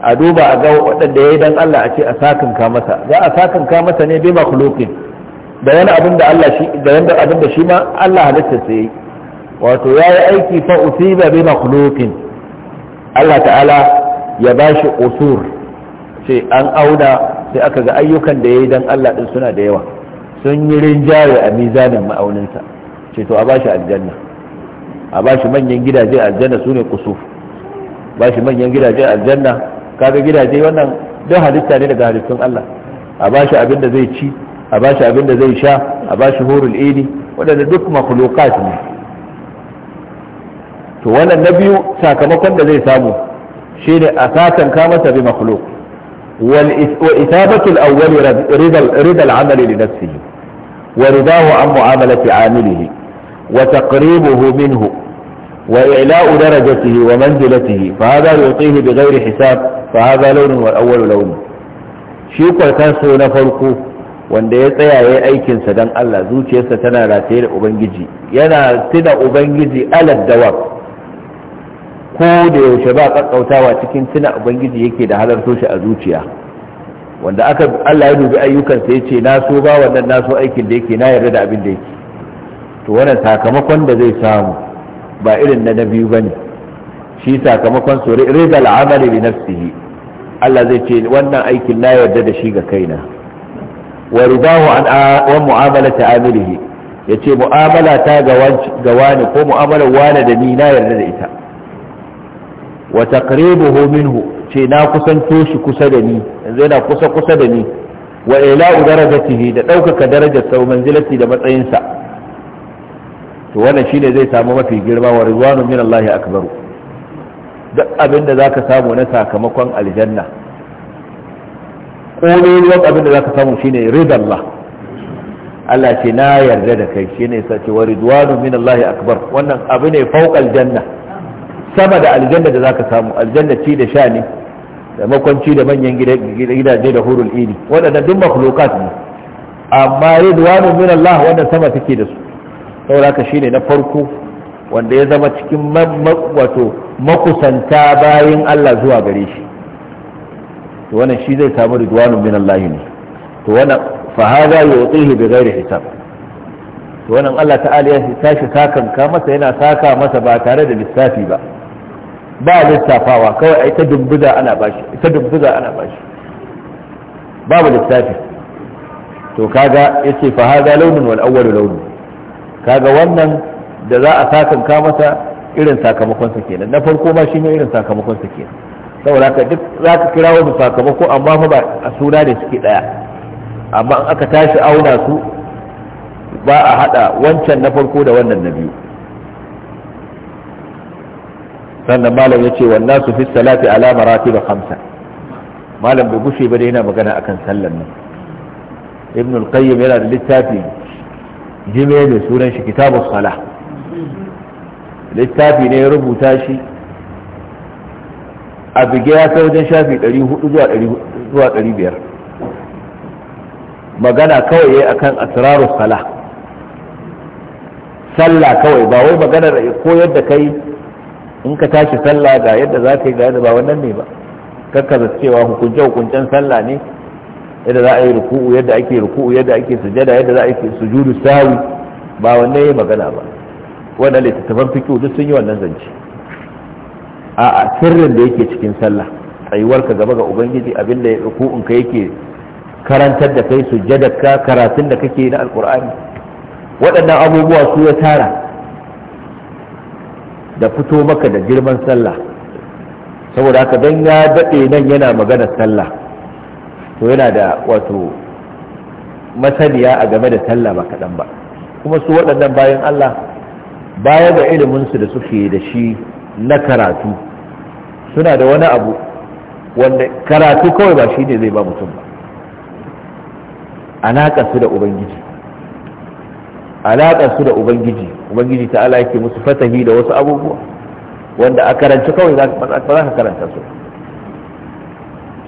A: a duba a ga waɗanda ya yi dan Allah a ce a sakanka masa za a sakanka masa ne bi makhluqin da wani abin da Allah shi da wani abin da shi ma Allah halitta sai yi wato yayi aiki fa usiba bi makhluqin Allah ta'ala ya bashi usur sai an auna sai aka ga ayyukan da yayi dan Allah din suna da yawa sun yi rinjaye a mizanin ma'auninsa ce to a bashi aljanna a bashi manyan gidaje aljanna sune kusuf bashi manyan gidaje aljanna kaga gidaje wannan don halitta ne daga halittun Allah a bashi abin da zai ci a bashi abin da zai sha a bashi hurul idi wadanda duk makhluqat ne to wannan na biyu sakamakon da zai samu shi ne a sakan ka masa bi makhluq wal isabatu al awwal rida rida al amali li nafsihi wa ridahu an mu'amalati amilihi wa taqribuhu minhu وإعلاء درجته ومنزلته فهذا يعطيه بغير حساب فهذا لون والأول لون شيكو كان سونا فرقه wanda ya tsaya ya aikinsa don Allah zuciyarsa tana rataye da ubangiji yana tuna ubangiji alad dawa ko da yaushe ba kakkautawa cikin tuna ubangiji yake da halarto shi a zuciya wanda aka Allah ya dubi ayyukansa ya ce na so ba wannan na so aikin da yake na yarda da abin da yake to wannan sakamakon da zai samu ba irin na biyu bane shi sakamakon su rizal amali bi nafsihi Allah zai ce wannan aikin na yarda da shi ga kaina wa ridahu an wa mu'amalati amilihi yace mu'amala ta ga wani ko mu'amalar wani da ni na yarda da ita wa taqribuhu minhu ce na kusanto shi kusa da ni yanzu yana kusa kusa da ni wa ila'u darajatihi da ɗaukaka darajar sa manzilati da matsayinsa to wannan shine zai samu mafi girma wa rizwanu min Allah akbaru duk abinda da zaka samu na sakamakon aljanna komai ruwan abin da zaka samu shine ridallah Allah ce na yarda da kai shine sa ce wa ridwanu min Allah akbar wannan abu ne fawqal janna sama da aljanna da zaka samu aljanna ci da sha ne da makwanci da manyan gidaje da hurul ini Wadannan duk makhlukat ne amma ridwanu min Allah wannan sama take da su saboda haka shine na farko wanda ya zama cikin wato makusanta bayin Allah zuwa gare shi to wannan shi zai samu ridwanu min Allah ne to wannan fa hada yu'tihi bi ghairi hisab to wannan Allah ta'ala ya tashi sakan ka masa yana saka masa ba tare da lissafi ba ba lissafawa kawai ai ta dumbuza ana bashi ita dumbuza ana bashi babu lissafi to kaga yace fa hada launun wal awwal launun kaga wannan da za a sakan ka masa irin sakamakonsa kenan na farko ma shi ne irin sakamakonsa kenan saboda ka duk za ka kira wani sakamako amma fa ba a suna ne suke ɗaya amma in aka tashi auna su ba a haɗa wancan na farko da wannan na biyu sannan malam ya ce wannan su fi salati alama rati ba hamsa malam bai bushe ba da yana magana akan sallan nan ibn al-qayyim yana da littafi jime da sunan shi kitabu sala littafi ne ya rubuta shi a bige ya sai wajen shafi 400 zuwa 500 magana kawai ya yi a kan asirarun sala sallah kawai ba wai maganar ko yadda kai in ka tashi sallah ga yadda za ka yi ga yadda ba wannan ne ba kakkaza cewa hukunce hukuncen sallah ne yadda za a yi ruku'u yadda ake ruku'u yadda ake sujada yadda za a yi sujudu sawi ba wannan yi magana ba wannan littattafan fiqh duk sun yi wannan zance a'a sirrin da yake cikin sallah ka gaba ga ubangiji abinda ya in ka yake karantar da kai su ka karatun da kake na alkur'ani waɗannan abubuwa su ya tara da fito maka da girman sallah saboda haka don ya daɗe nan yana magana sallah to yana da wato masaniya a game da sallah ba kaɗan ba kuma su waɗannan bayan allah baya ga iliminsu da suke da shi na karatu suna da wani abu wanda karatu kawai ba shi ne zai ba mutum ba alaƙarsu su da ubangiji alaƙarsu su da ubangiji ubangiji ta ala yake musu fatahi da wasu abubuwa wanda a karanci kawai za ka karanta su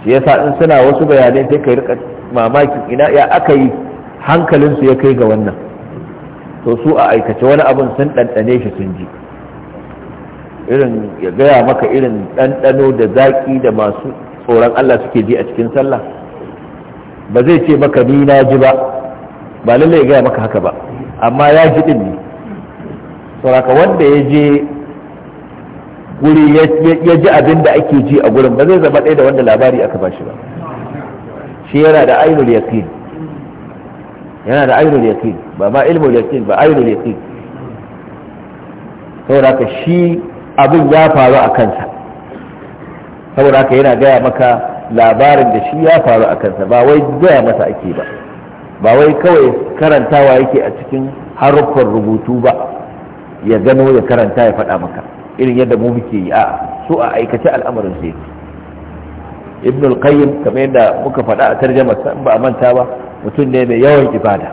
A: shi yasa in suna wasu bayanai sai ka rika mamakin ina ya aka yi hankalinsu ya kai ga wannan to su a aikace wani abin sun ɗanɗane shi sun ji irin ya gaya maka irin ɗanɗano da zaƙi da masu tsoron Allah suke ji a cikin sallah ba zai ce maka ni na ji ba ba lallai ya gaya maka haka ba amma ya ji ɗin ne sauraka wanda ya je guri ya ji abin da ake ji a gurin ba zai zama ɗaya da wanda labari aka ba shi ba shi yana da ainul yaqin yana da ainul yaqin ba ma ilmul yaqin ba ainul yaqin saboda shi abin ya faru a kansa saboda haka yana gaya maka labarin da shi ya faru a kansa ba wai gaya masa ake ba ba wai kawai karantawa yake a cikin haruffar rubutu ba ya gano ya karanta ya faɗa maka irin yadda mu muke yi a su a aikace al'amarin sai ibn al-qayyim kamar yadda muka faɗa a tarjamar ba a manta ba mutum ne mai yawan ibada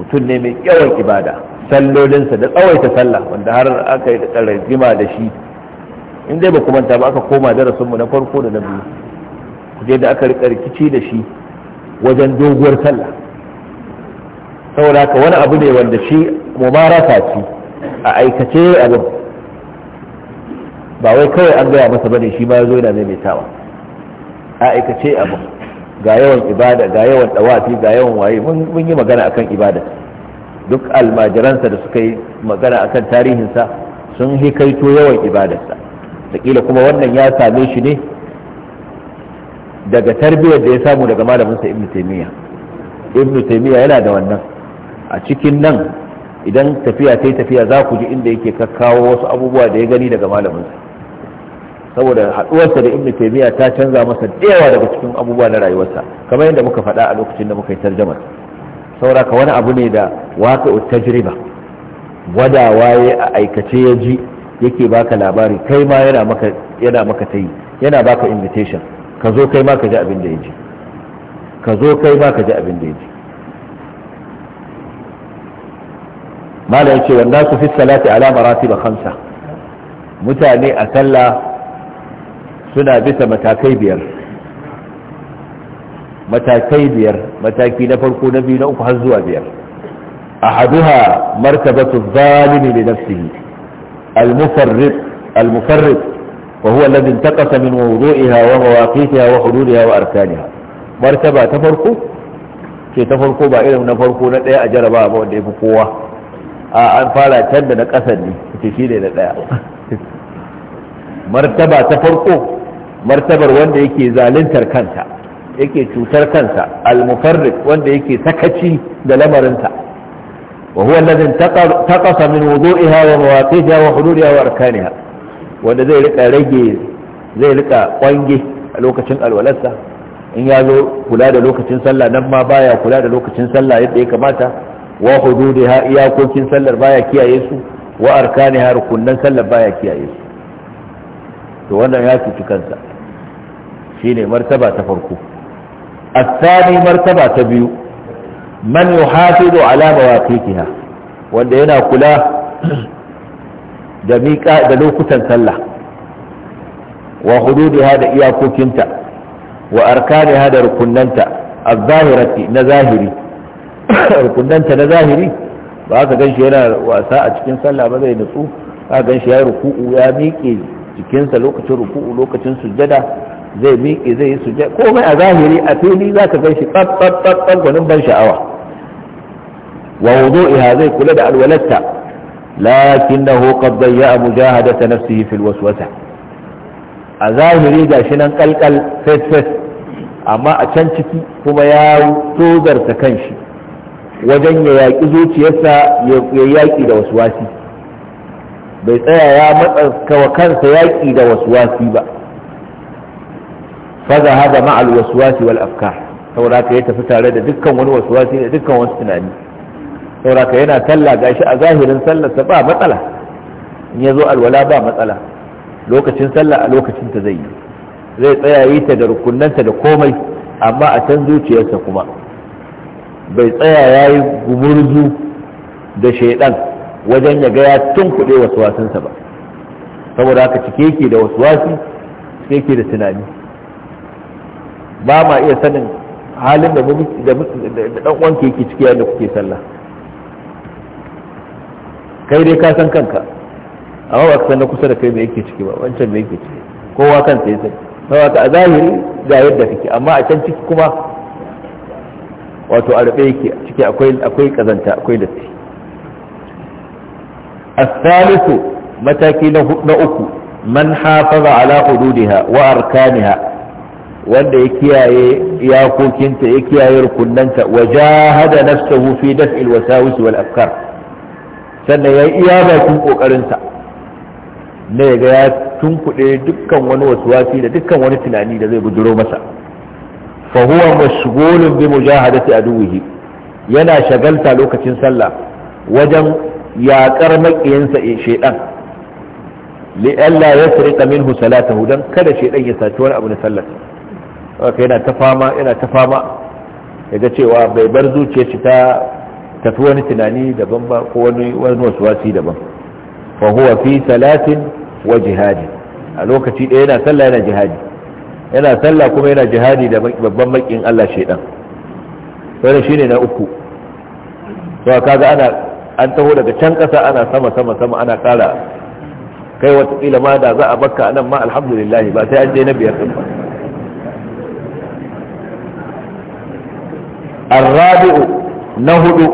A: mutum ne mai yawan ibada sallolinsa da tsawaita sallah wanda har aka yi da rigima da shi in dai ba kumanta ba aka koma darasinmu na farko da na biyu kuje da aka rika rikici da shi wajen doguwar sallah saboda haka wani abu ne wanda shi mubaraka ce a aikace abin ba wai kawai an gaya masa bane shi ma zo yana maimaitawa a aikace abin ga yawan ibada ga yawan dawafi ga yawan waye mun yi magana akan ibada duk almajiransa da suka yi magana akan tarihinsa sun hikaito yawan ibadarsa sakila kuma wannan ya same shi ne daga tarbiyyar da ya samu daga malaminsa ibn taymiya ibn yana da wannan a cikin nan idan tafiya ta yi tafiya za ku ji inda yake kakkawo wasu abubuwa da ya gani daga malaminsa saboda haɗuwarsa da ibn ta canza masa da daga cikin abubuwa na rayuwarsa kamar yadda muka faɗa a lokacin da muka yi tarjamar saura ka wani abu ne da waka tajriba gwadawa waye a aikace ya ji yake baka labari kai ma yana maka ta yi yana baka invitation ka zo kai ma ka ji abin da ya ji ka zo kai ma ka ji abin da ya ji mala ce wanda su fi salati ala maratiba khamsa mutane a sallah suna bisa matakai biyar matakai biyar mataki na farko na biyu na uku har zuwa biyar a haduha martabatu zalimi li nafsihi al-mufarrid al-mufarrid wa huwa alladhi intaqasa min wudu'iha wa mawaqitiha wa hududiha wa arkaniha martaba ta farko ce ta farko ba irin na farko na daya a jaraba ba wanda yafi kowa a an fara can da na kasan ne ce shi ne na daya martaba ta farko martabar wanda yake zaluntar kanta yake cutar kansa al wanda yake sakaci da lamarinta wa huwa alladhi taqasa min wudu'iha wa mawaqifiha wa hududiha wa arkaniha wanda zai rika rage zai rika kwange a lokacin alwalarsa in ya zo kula da lokacin sallah nan ma baya kula da lokacin sallah yadda ya kamata wa hududiha iyakokin sallar baya kiyaye su wa arkaniha rukunnan sallar baya kiyaye su to wannan ya cuci kansa shine martaba ta farko الثاني مرتبة تبيو من يحافظ على مواقيتها wanda yana kula da miƙa da lokutan sallah wa hududiha da iyakokinta wa arkaniha da rukunnanta az na zahiri rukunnanta na zahiri ba ka ganshi yana wasa a cikin sallah ba zai nutsu ka ganshi ruku'u ya miƙe jikinsa lokacin ruku'u lokacin sujjada zai miƙe zai yi sujja komai a zahiri a fili za ka gan shi tsatsatsatsan gwanin ban sha'awa wa wudu'iha zai kula da alwalatta lakinnahu qad dayya mujahadata nafsihi fil waswasa a zahiri gashi nan kalkal fet fet amma a can ciki kuma ya tozarta kanshi wajen ya yaƙi zuciyarsa ya yaƙi da waswasi bai tsaya ya matsa kansa yaƙi da wasu wasi ba faza hada ma al waswasi wal afkar saboda ka ya tafi tare da dukkan wani waswasi da dukkan wasu tunani saboda ka yana sallah gashi a zahirin sallar sa ba matsala in ya zo alwala ba matsala lokacin sallah a lokacin ta zai yi zai tsaya yi ta da rukunnanta da komai amma a can zuciyarsa kuma bai tsaya ya yi gumurzu da shaidan wajen ya ga ya tunkuɗe wasu ba saboda haka cike yake da wasu wasi cike yake da tunani ba ma iya sanin halin da dan uwanka yake ciki yadda da kuke sallah kai dai ka san kanka amma ba ka san na kusa da kai me yake ciki ba wancan me yake ciki kowa kan sai sani saboda a zahiri ga yadda kake amma a can ciki kuma wato a rabe yake ciki akwai akwai kazanta akwai datti الثالث mataki na uku man hafaza حدودها hududiha wanda ya kiyaye iyakokinta ya kiyaye rukunnanta wa jahada nafsahu fi daf'il wasawis wal afkar sannan ya iya bakin kokarinsa na ya ga ya tunkuɗe dukkan wani wasi da dukkan wani tunani da zai buduro masa fa huwa mashghulun bi mujahadati aduwihi yana shagalta lokacin sallah wajen yaƙar maƙiyansa shaidan li ya yasriqa minhu salatahu don kada shaidan ya saci wani abu na sallarsa haka yana ta fama yana ta fama yaga cewa bai bar zuciya shi ta tafi wani tunani daban ba ko wani wani wasuwasi daban fa huwa fi salatin wa jihadi a lokaci ɗaya yana sallah yana jihadi yana sallah kuma yana jihadi da babban makin Allah shedan wannan shine na uku to kaga ana an taho daga can kasa ana sama sama sama ana kara kai wata kila ma da za a bakka anan ma alhamdulillah ba sai an je na biyar din ba الرابع نهد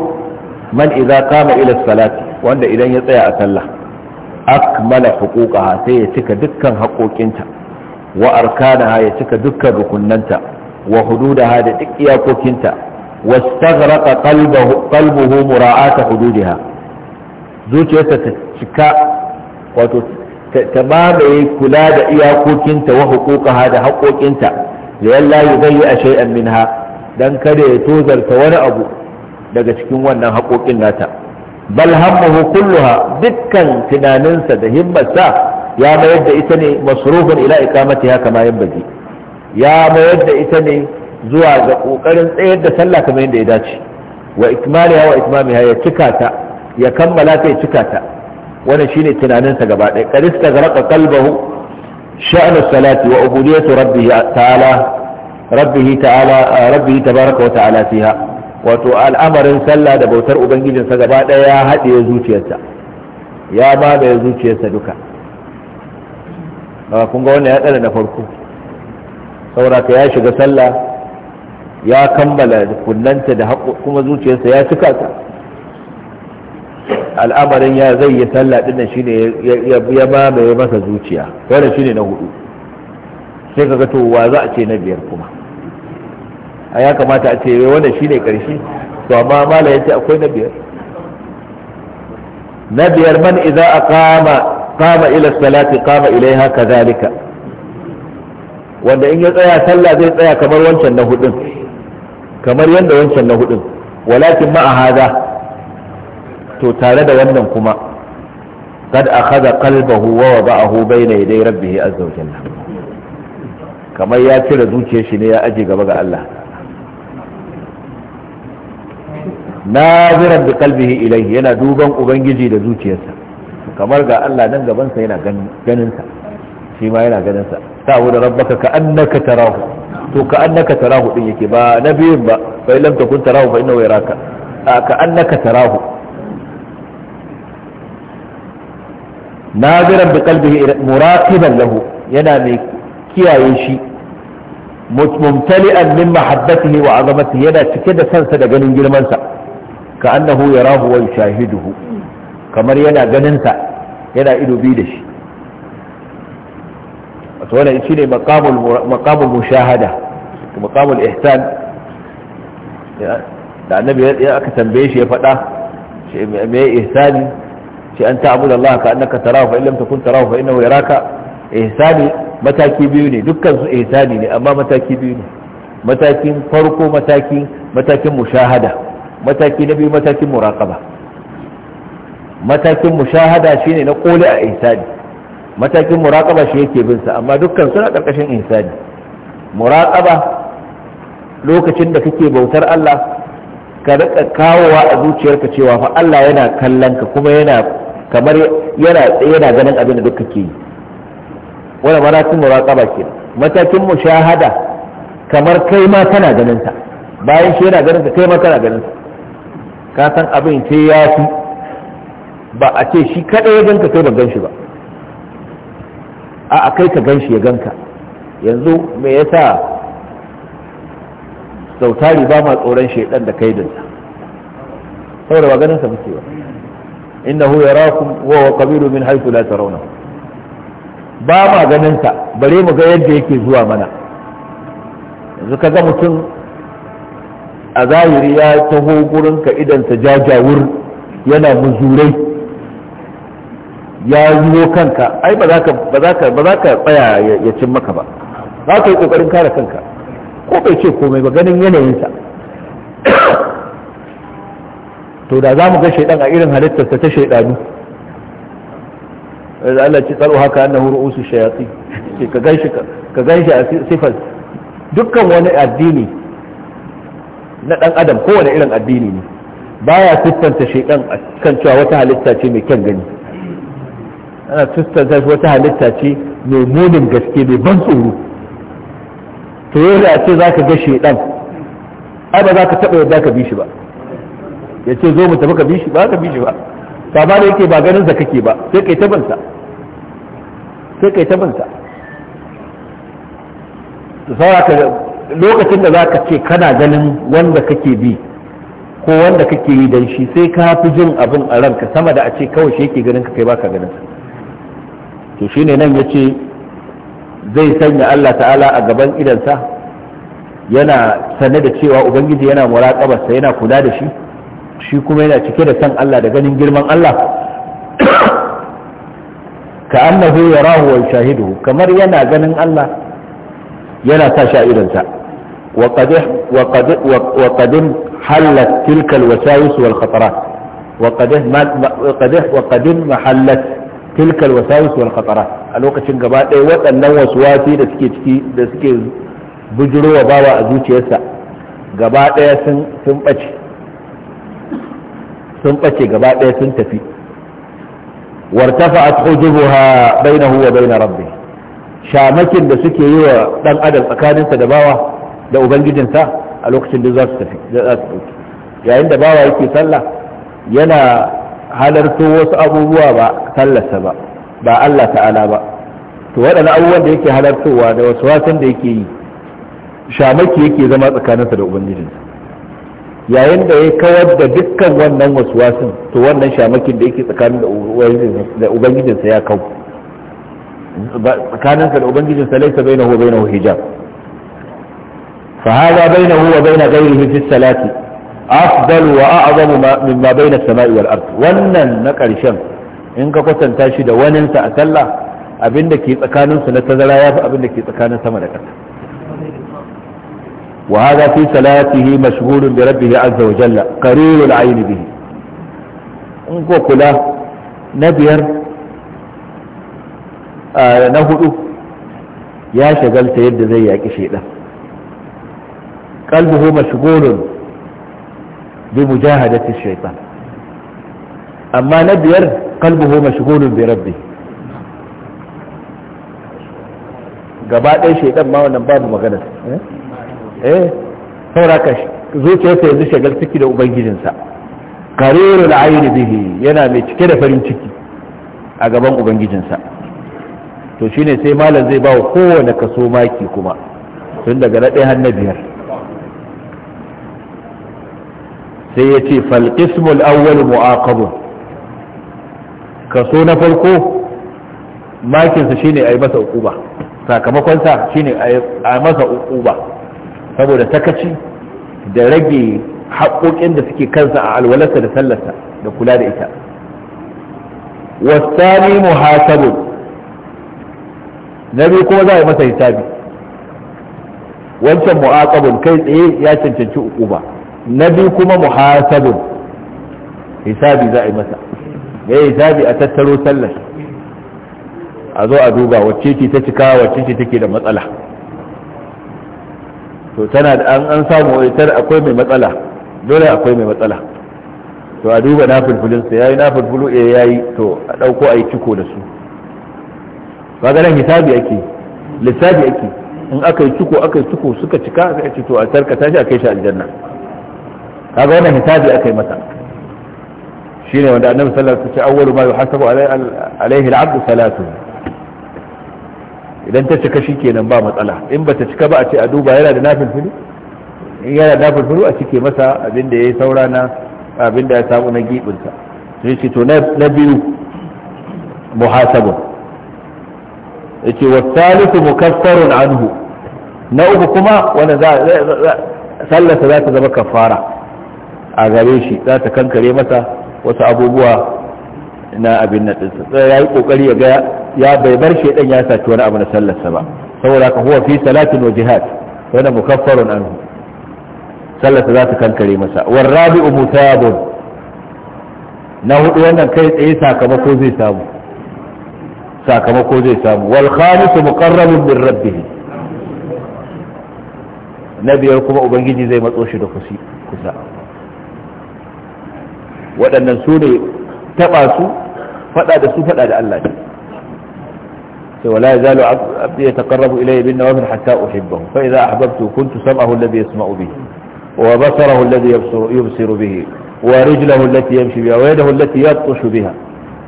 A: من إذا قام إلى الصلاة وأن إذا يطيع أسلح أكمل حقوقها سيتك دكا حقوقينتا وأركانها يتك دكا ركننتا وحدودها دك إياكوكينتا واستغرق قلبه, قلبه مراعاة حدودها zuciyarsa ta cika wato ta mamaye kula da iyakokinta wa hukukaha da haƙoƙinta da yalla yi zai yi a shay'an minha dan kada ya tozarta wani abu daga cikin wannan haƙoƙin nata
B: bal hammuhu kulluha
A: dukkan tunaninsa da himmarsa ya mayar da ita ne masrufin ila iqamatiha kama yanbaji ya mayar da ita ne zuwa ga ƙoƙarin tsayar da sallah kamar yadda ya dace wa ikmaliha wa itmamiha ya cika ta ya kammala ta ya cika ta wannan shine tunaninsa gaba ɗaya qad istagharqa qalbahu sha'nu salati wa ubudiyatu rabbih ta'ala rabbihi ta'ala rabbihi tabaraka wa ta'ala wato al'amarin sallah da bautar ubangijinsa gaba ɗaya ya haɗe zuciyarsa ya mamaye zuciyarsa duka ba kun ga wannan ya tsara na farko sauraka ya shiga sallah ya kammala kullanta da kuma zuciyarsa ya cika ta al'amarin ya zai yi sallah din shi ne ya mamaye masa zuciya wannan ne na hudu sai ka ga to wa za a ce na biyar kuma a ya kamata a ce wanda shi ne ƙarshe to amma mala ya ce akwai na biyar na biyar man idza aqama qama ila salati qama ilaiha kadhalika wanda in ya tsaya sallah zai tsaya kamar wancan na hudun kamar yadda wancan na hudun walakin ma haza to tare da wannan kuma kad a akhadha qalbahu wa wada'ahu bayna yaday rabbih azza wa jalla kamar ya cire zuciyar shi ne ya aje gaba ga Allah naziran bi qalbihi ilayhi yana duban ubangiji da zuciyarsa kamar ga Allah nan gabansa sa yana ganin sa shi ma yana ganin sa ta'budu rabbaka ka'annaka tarahu to ka'annaka tarahu din yake ba nabiyin ba bai lam takun tarahu fa innahu yaraka ka'annaka tarahu naziran bi qalbihi muraqiban lahu yana mai kiyaye shi mumtali'an min mahabbatihi wa azamatihi yana cike da sansa da ganin girman sa ka annahu yarahu wa yushahiduhu kamar yana ganin sa yana ido bi da shi wato wannan shine maqamul maqamul mushahada maqamul ihsan da annabi ya aka tambaye shi ya faɗa me me ihsani shi an ta'budu Allah ka annaka tarahu fa illam takun tarahu fa innahu yaraka ihsani mataki biyu ne dukkan su ihsani ne amma mataki biyu ne matakin farko matakin matakin mushahada mataki na biyu matakin muraqaba matakin mushahada shine na koli a insani matakin muraqaba shi yake bin sa amma dukkan suna karkashin insani muraqaba lokacin da kake bautar Allah ka rika kawowa a zuciyarka cewa fa Allah yana kallon ka kuma yana kamar yana yana ganin abin da duk kake yi wannan matakin muraqaba ke matakin mushahada kamar kai ma kana ganin sa bayan shi yana ganin sa kai ma kana ganin sa ka san abin ce ya fi ba a ce shi kaɗai ya ganka kai ba gan shi ba a kai ka gan shi ya ganka yanzu me yasa sautari ba ma tsoron shaidan da kai dinsa saboda ba ganin sa muke ba innahu yarakum wa Kabiru min haifu la tarawna ba ma ganin sa bare mu ga yadda yake zuwa mana yanzu ka ga mutum a zahiri ya taho gurin ka ta jajawur yana muzurai ya yiwo kanka ai ba za ka ba za ka tsaya ya cin maka ba za ka yi kokarin kare kanka ko bai ce komai ba ganin yanayinsa to da za mu ga shaidan a irin halittarsa ta shaidanu da Allah ci tsaro haka annahu ru'usu shayatin ka ganshi ka ganshi a sifar dukkan wani addini na dan adam kowane irin addini ne baya siffanta shekan kan cewa wata halitta ce mai kyan gani ana siffanta shi wata halitta ce mai munin gaske mai ban tsoro to yau a ce za ka ga shekan ai ba za ka taɓa yadda ka bi shi ba ya ce zo mu tafi ka bi shi ba ka bi shi ba ba da yake ba ganin sa kake ba sai kai ta bansa. sai kai tabansa to saura ka lokacin da za ka ce kana ganin wanda kake bi ko wanda kake yi dan shi sai ka fi jin abin a ranka sama da a ce kawai shi yake ganin ka kai baka ganin to shine nan ya ce zai sanya Allah ta'ala a gaban idansa yana sane da cewa ubangiji yana muraƙabarsa yana kula da shi shi kuma yana cike da san Allah da ganin girman Allah ka annahu yarahu wa shahidu kamar yana ganin Allah yana sa shi a idansa وقد وقد وقد حلت تلك الوساوس والخطرات وقد وقد وقد محلت تلك الوساوس والخطرات a lokacin gaba ɗaya waɗannan wasuwasi da suke ciki da suke bujirowa bawa a zuciyarsa gaba ɗaya sun bace sun ɓace gaba ɗaya sun tafi wartafa a tsojubuha bainahu wa bainar rabbi shamakin da suke yi wa dan adam tsakaninsa da bawa da ubangijinsa a lokacin da za su tafi za su dauki yayin da bawa yake sallah yana halarto wasu abubuwa ba sallarsa ba ba Allah ta'ala ba to waɗannan abubuwan da yake halartowa da wasu wasan da yake yi shamaki yake zama tsakaninsa da ubangijinsa yayin da ya kawar da dukkan wannan wasu wasan to wannan shamakin da yake tsakanin da ubangijinsa ya kau tsakaninsa da ubangijinsa laisa bai na hijab فهذا بينه وبين غيره في الصلاة أفضل وأعظم مما بين السماء والأرض wannan na karshen in ka kwatanta shi da waninsa a sallah abinda ke tsakaninsu na tazara ya fi abinda ke tsakanin sama da ƙasa wa hada fi salatihi mashhurun bi rabbih azza wa jalla qarirul ayn bihi in ko kula na biyar na hudu ya shagalta yadda zai yaki shedan qalbuhu mashghulun bi mujahadati shaytan amma na biyar qalbuhu mashghulun bi rabbi gaba ɗaya shaidan ma wannan babu magana eh saboda ka zuciyarsa yanzu shagal ciki da ubangijinsa karirul aini bihi yana mai cike da farin ciki a gaban ubangijinsa to shine sai malam zai ba wa kowane kaso maki kuma tun daga na ɗaya har na biyar sai ya ce falƙismul awwal mu'aqabun kaso na farko makinsa shine a yi masa uba sakamakonsa shine a masa ukuba saboda sakaci da rage haƙoƙin da suke kansa a alwalarsa da sallarsa da kula da ita wasani muhasabun na biyu kuma za a yi masa hisabi wancan mu'aqabun kai tsaye ya cancanci ukuba na biyu kuma muhasabun hisabi za a yi masa ya yi hisabi a tattaro sallar a zo a duba wacce ce ta cika wacce ce take da matsala to tana da an samu waitar akwai mai matsala dole akwai mai matsala to a duba na fulfulinsa ya yi na fulfulu eh, ya yi to a ɗauko a yi ciko da su maganin hisabi ake lissafi ake in aka yi ciko aka yi ciko suka cika sai a ce to a tarkata shi a kai shi aljanna kaga wannan hisabi aka yi masa shine wanda annabi sallallahu alaihi wasallam awwalu ma yuhasabu alaihi al-abd salatu idan ta cika shikenan ba matsala in ba ta cika ba a ce a duba yana da nafilfili in yana da nafilfili a cike masa abin da yayi saura na abin da ya samu na gibinsa sai ce to na biyu muhasabu yace wa thalithu mukaffarun anhu na uku kuma wanda za sallarsa za ta zama kafara a gare shi za ta kankare masa wasu abubuwa na abin na ɗinsa sai ya yi ƙoƙari ya ga ya bai bar shaidan ya saci wani abu na sallarsa ba saboda ka huwa fi salatin wa jihad wani mukaffarun anhu sallarsa za ta kankare masa wani war rabi'u mutabun na hudu wannan kai tsaye sakamako zai samu sakamako zai samu wal khamisu muqarrabun min rabbih na biyar kuma ubangiji zai matso shi da kusa waɗannan su ne taɓa su faɗa da su faɗa da Allah ne sai wala ya zalo abdi ya taƙarrabu ilayya bin nawafil hatta uhibbahu fa idza ahbabtu kuntu sam'ahu alladhi yasma'u bihi wa basarahu alladhi yubsiru bihi wa rijlahu allati yamshi biha wa yadahu allati yabtashu biha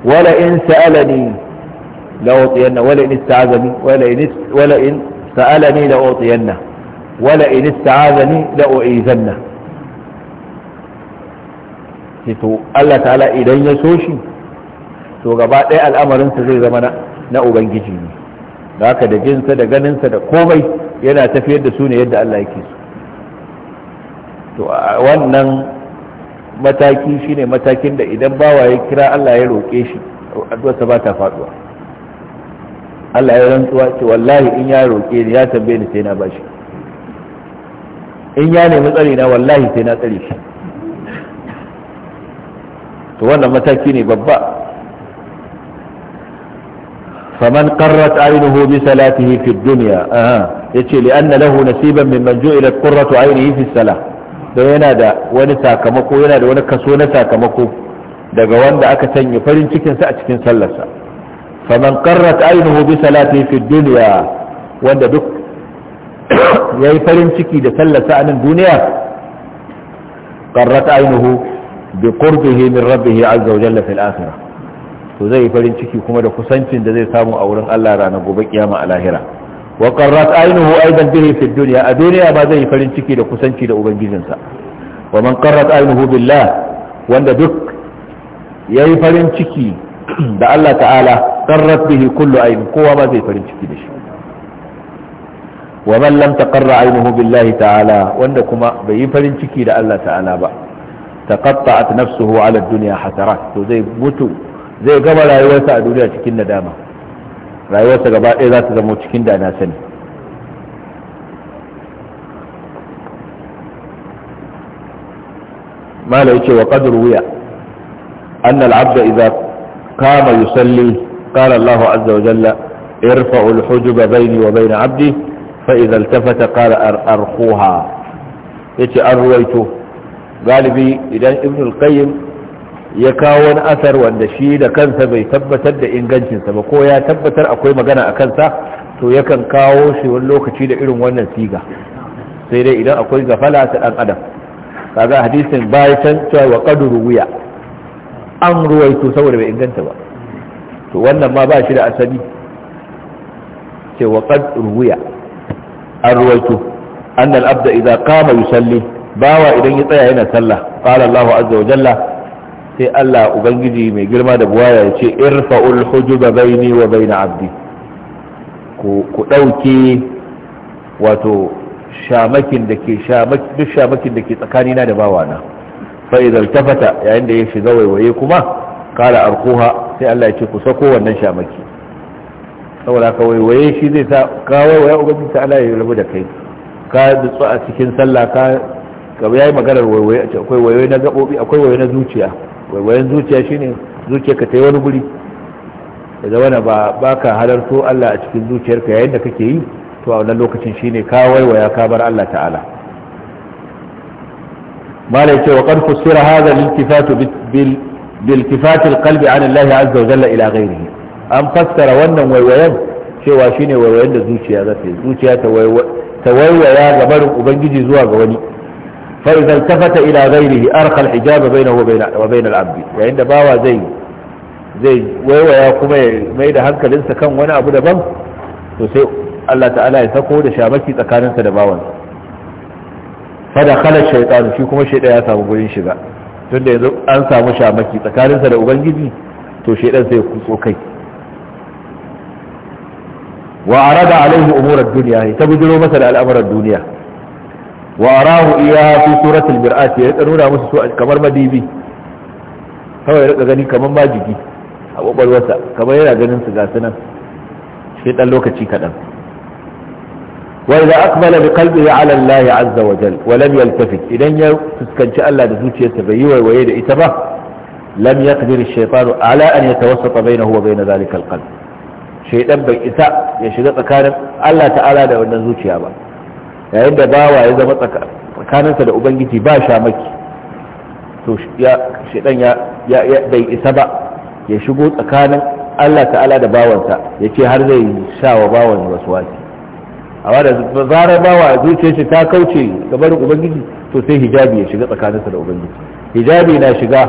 A: wala in sa'alani la utiyanna wala in ista'azani wala in wala in sa'alani la utiyanna wala in ista'azani la u'izanna to Allah ta'ala idan ya so shi to gaba ɗaya al'amarinsa zai zama na ubangiji ne da haka da jinsa da ganinsa da komai yana tafiyar da su ne yadda Allah yake so to wannan mataki shine matakin da idan bawa ya kira Allah ya roƙe shi addu'arsa ba ta faɗuwa. Allah ya rantsuwa ce wallahi in ya roƙe ni ya tambaye ni sai na bashi in ya nemi tsari na wallahi sai na tsare shi to wannan mataki ne babba فمن قرت عينه بصلاته في الدنيا آه. يتشي لأن له نسيبا ممن جعلت قرة عينه في الصلاة yana da wani sakamako yana da wani kaso na sakamako daga wanda aka sanya farin cikinsa a cikin sallarsa faman qarrat aynuhu bi salati fi dunya wanda duk yayi farin ciki da sallarsa a nan duniya qarrat aynuhu bi qurbihi min rabbih azza wa jalla fil akhirah to zai yi farin ciki kuma da kusancin da zai samu a wurin Allah ranar gobe kiyama a lahira wa qarrat aynuhu aidan bihi fid dunya a duniya ba zai yi farin ciki da kusanci da ubangijinsa wa man qarrat aynuhu billah wanda duk yayi farin ciki da Allah ta'ala qarrat bihi kullu ayn kowa ba zai farin ciki da shi wa man lam taqarra aynuhu billahi ta'ala wanda kuma bai yi farin ciki da Allah ta'ala ba taqatta'at nafsuhu ala dunya hasarat to zai mutu zai gama rayuwarsa a duniya cikin nadama rayuwarsa gaba ɗaya za ta zama cikin da na sani mala yace wa qadr wiya anna al-abda idza qama yusalli qala Allahu azza wa jalla irfa'u al-hujuba bayni wa bayna 'abdi fa idza iltafata yace an galibi idan ibn al-qayyim ya kawo wani asar wanda shi da kansa bai tabbatar da ingancinsa ba ko ya tabbatar akwai magana a kansa to yakan kawo shi wani lokaci da irin wannan siga sai dai idan akwai gafala ta dan adam kaga hadisin bai can cewa wa qadru wuya an ruwaito saboda bai inganta ba to wannan ma ba shi da asali ce wa qadru wuya an ruwaito annal abda idza qama yusalli bawa idan ya tsaya yana sallah qala Allahu azza wa jalla sai Allah ubangiji mai girma da buwaya ya ce irfa'ul hujuba baini wa baina abdi ku ku dauke wato shamakin da ke duk shamakin da ke tsakanina da bawana fa idan tafata yayin da ya shiga waiwaye kuma kala arkuha sai Allah ya ce ku sako wannan shamaki saboda ka waiwaye shi zai sa ka waiwaye ubangiji ta Allah ya rabu da kai ka dutsu a cikin sallah ka ya yayi maganar waiwaye akwai waiwai na gabobi akwai waiwai na zuciya waiwayen zuciya shine ka ta yi wani guri ya zama na ba ka halarto Allah a cikin zuciyarka yayin da kake yi to a wannan lokacin shine ka waiwaya ka bar Allah ta'ala
B: mala ce wa qad fusira hadha
A: al-iltifatu bil bil-iltifat al-qalbi an Allah azza wa jalla ila ghayrihi an fassara wannan waiwayen cewa shine waiwayen da zuciya za ta yi zuciya ta waiwaya ga barin ubangiji zuwa ga wani fa idza iltafata ila ghayrihi arqa al-hijab bainahu wa bain al yayin da bawa zai zai kuma ya mai da hankalinsa kan wani abu daban to sai Allah ta'ala ya sako da shamaki tsakaninsa da bawansa fada kala shaitan shi kuma ya samu gurin shiga tunda yanzu an samu shamaki tsakaninsa da ubangiji to shaitan sai kutso kai wa arada alaihi umurar duniya ta bujiro masa da al'amuran duniya wa rahu iya fi suratul mir'at ya rika nuna musu su kamar madibi kawai ya rika gani kamar majigi a kwakwalwarsa kamar yana ganin su gasu nan shi dan lokaci kaɗan وإذا أقبل بقلبه على الله عز وجل ولم يلتفت إذن تسكنش ألا دزوتي يتبيوه ويد إتبه لم يقدر الشيطان على أن يتوسط بينه وبين ذلك القلب شيطان بيئتاء يشدق كان ألا تعالى دعونا زوتي أبا yayin da bawa ya zama tsakaninsa da ubangiji ba shamaki to shaidan ya bai isa ba ya shigo tsakanin Allah ta'ala da bawansa ya ce har zai sha wa bawan wasu waki amma da zarar bawa zuciya shi ta kauce gabar ubangiji to sai hijabi ya shiga tsakaninsa da ubangiji hijabi na shiga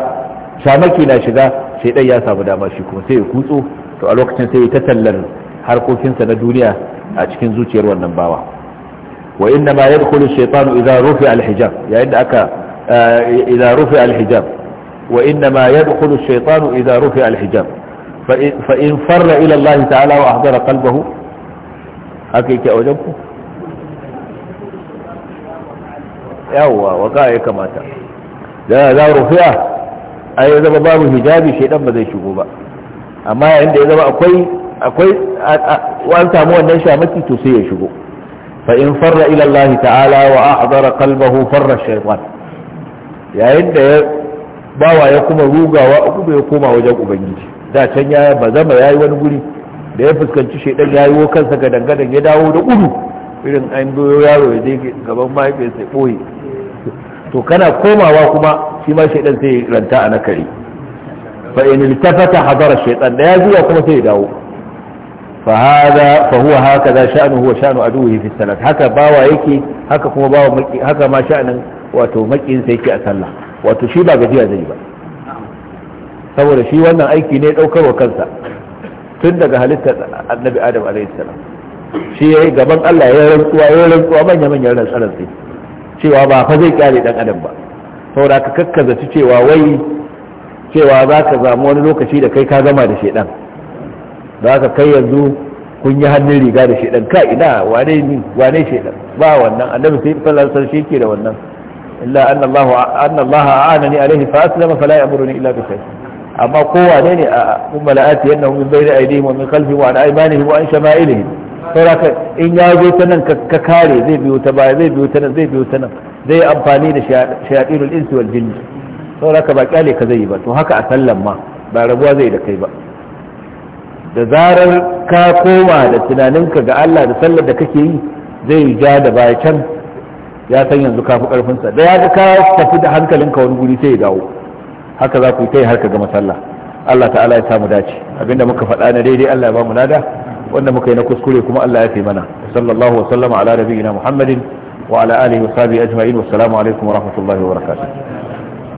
A: shamaki na shiga shaidan ya samu dama shi kuma sai ya kutso to a lokacin sai ya ta tallar harkokinsa na duniya a cikin zuciyar wannan bawa وانما يدخل الشيطان اذا رفع الحجاب يعني عندك آه، اذا رفع الحجاب وانما يدخل الشيطان اذا رفع الحجاب فان فر الى الله تعالى واحضر قلبه حقيقه اوجبك يوا وقاي كما تا إذا رفع اي اذا باب الحجاب الشيطان ماذا زي شغو اما عندما اذا اكو اكو وان تامو wannan shamaki to sai ya fa in farra ila ta'ala wa ahdara qalbahu farra shaytan yayin da bawa ya kuma rugawa kuma ya koma wajen ubangiji da can ya bazama yayi wani wuri da ya fuskanci shaidan ya yi kansa ga dangadan ya dawo da gudu irin an biyo yaro ya je gaban mahaifiyarsa ya ɓoye to kana komawa kuma shi ma shaidan sai ranta a nakari fa in iltafata hadara shaidan da ya zuwa kuma sai ya dawo فهذا فهو هكذا شأنه وشأن أدوه في الصلاة هكا باوا يكي هكا كما باوا مكي haka ma sha'anin wato makinsa yake a sallah wato shi ba gajiya zai ba saboda shi wannan aiki ne daukar wa kansa tun daga halitta annabi adam alaihi salam shi ya gaban allah ya rantsuwa ya rantsuwa manya manyan rantsarar sai cewa ba fa zai kyale dan adam ba saboda ka kakkaza cewa wai cewa za ka samu wani lokaci da kai ka zama da shedan da haka kai yanzu kun yi hannun riga da shaidan ka ina wane ni wane shaidan ba wannan annabi sai sallallahu alaihi wasallam ke da wannan illa anna Allah anna Allah a'anani alaihi fa aslama fala ya'muruni illa bi shay'in amma ko wane ne a mala'ati yannahu min bayni aydihim wa min khalfihim wa an aymanihim wa an shama'ilihim saboda in ya zo ta nan ka kare zai biyo ta baya zai biyo ta nan zai biyo ta nan zai amfani da shayatinul insi wal jinni saboda ka ba kyale ka zai yi ba to haka a sallan ma ba rabuwa zai da kai ba da zarar ka koma da tunaninka ga Allah da sallar da kake yi zai ja da baya can ya san yanzu kafi fi karfinsa da ya ga ka tafi da hankalinka wani guri sai ya dawo haka za ku yi ta yi har ka gama sallah Allah ta'ala ya samu dace abinda muka faɗa na daidai Allah ya ba mu nada wanda muka yi na kuskure kuma Allah ya fi mana sallallahu wa sallama ala nabiyina muhammadin wa ala alihi wa sahbihi ajma'in wa assalamu alaikum wa rahmatullahi wa barakatuh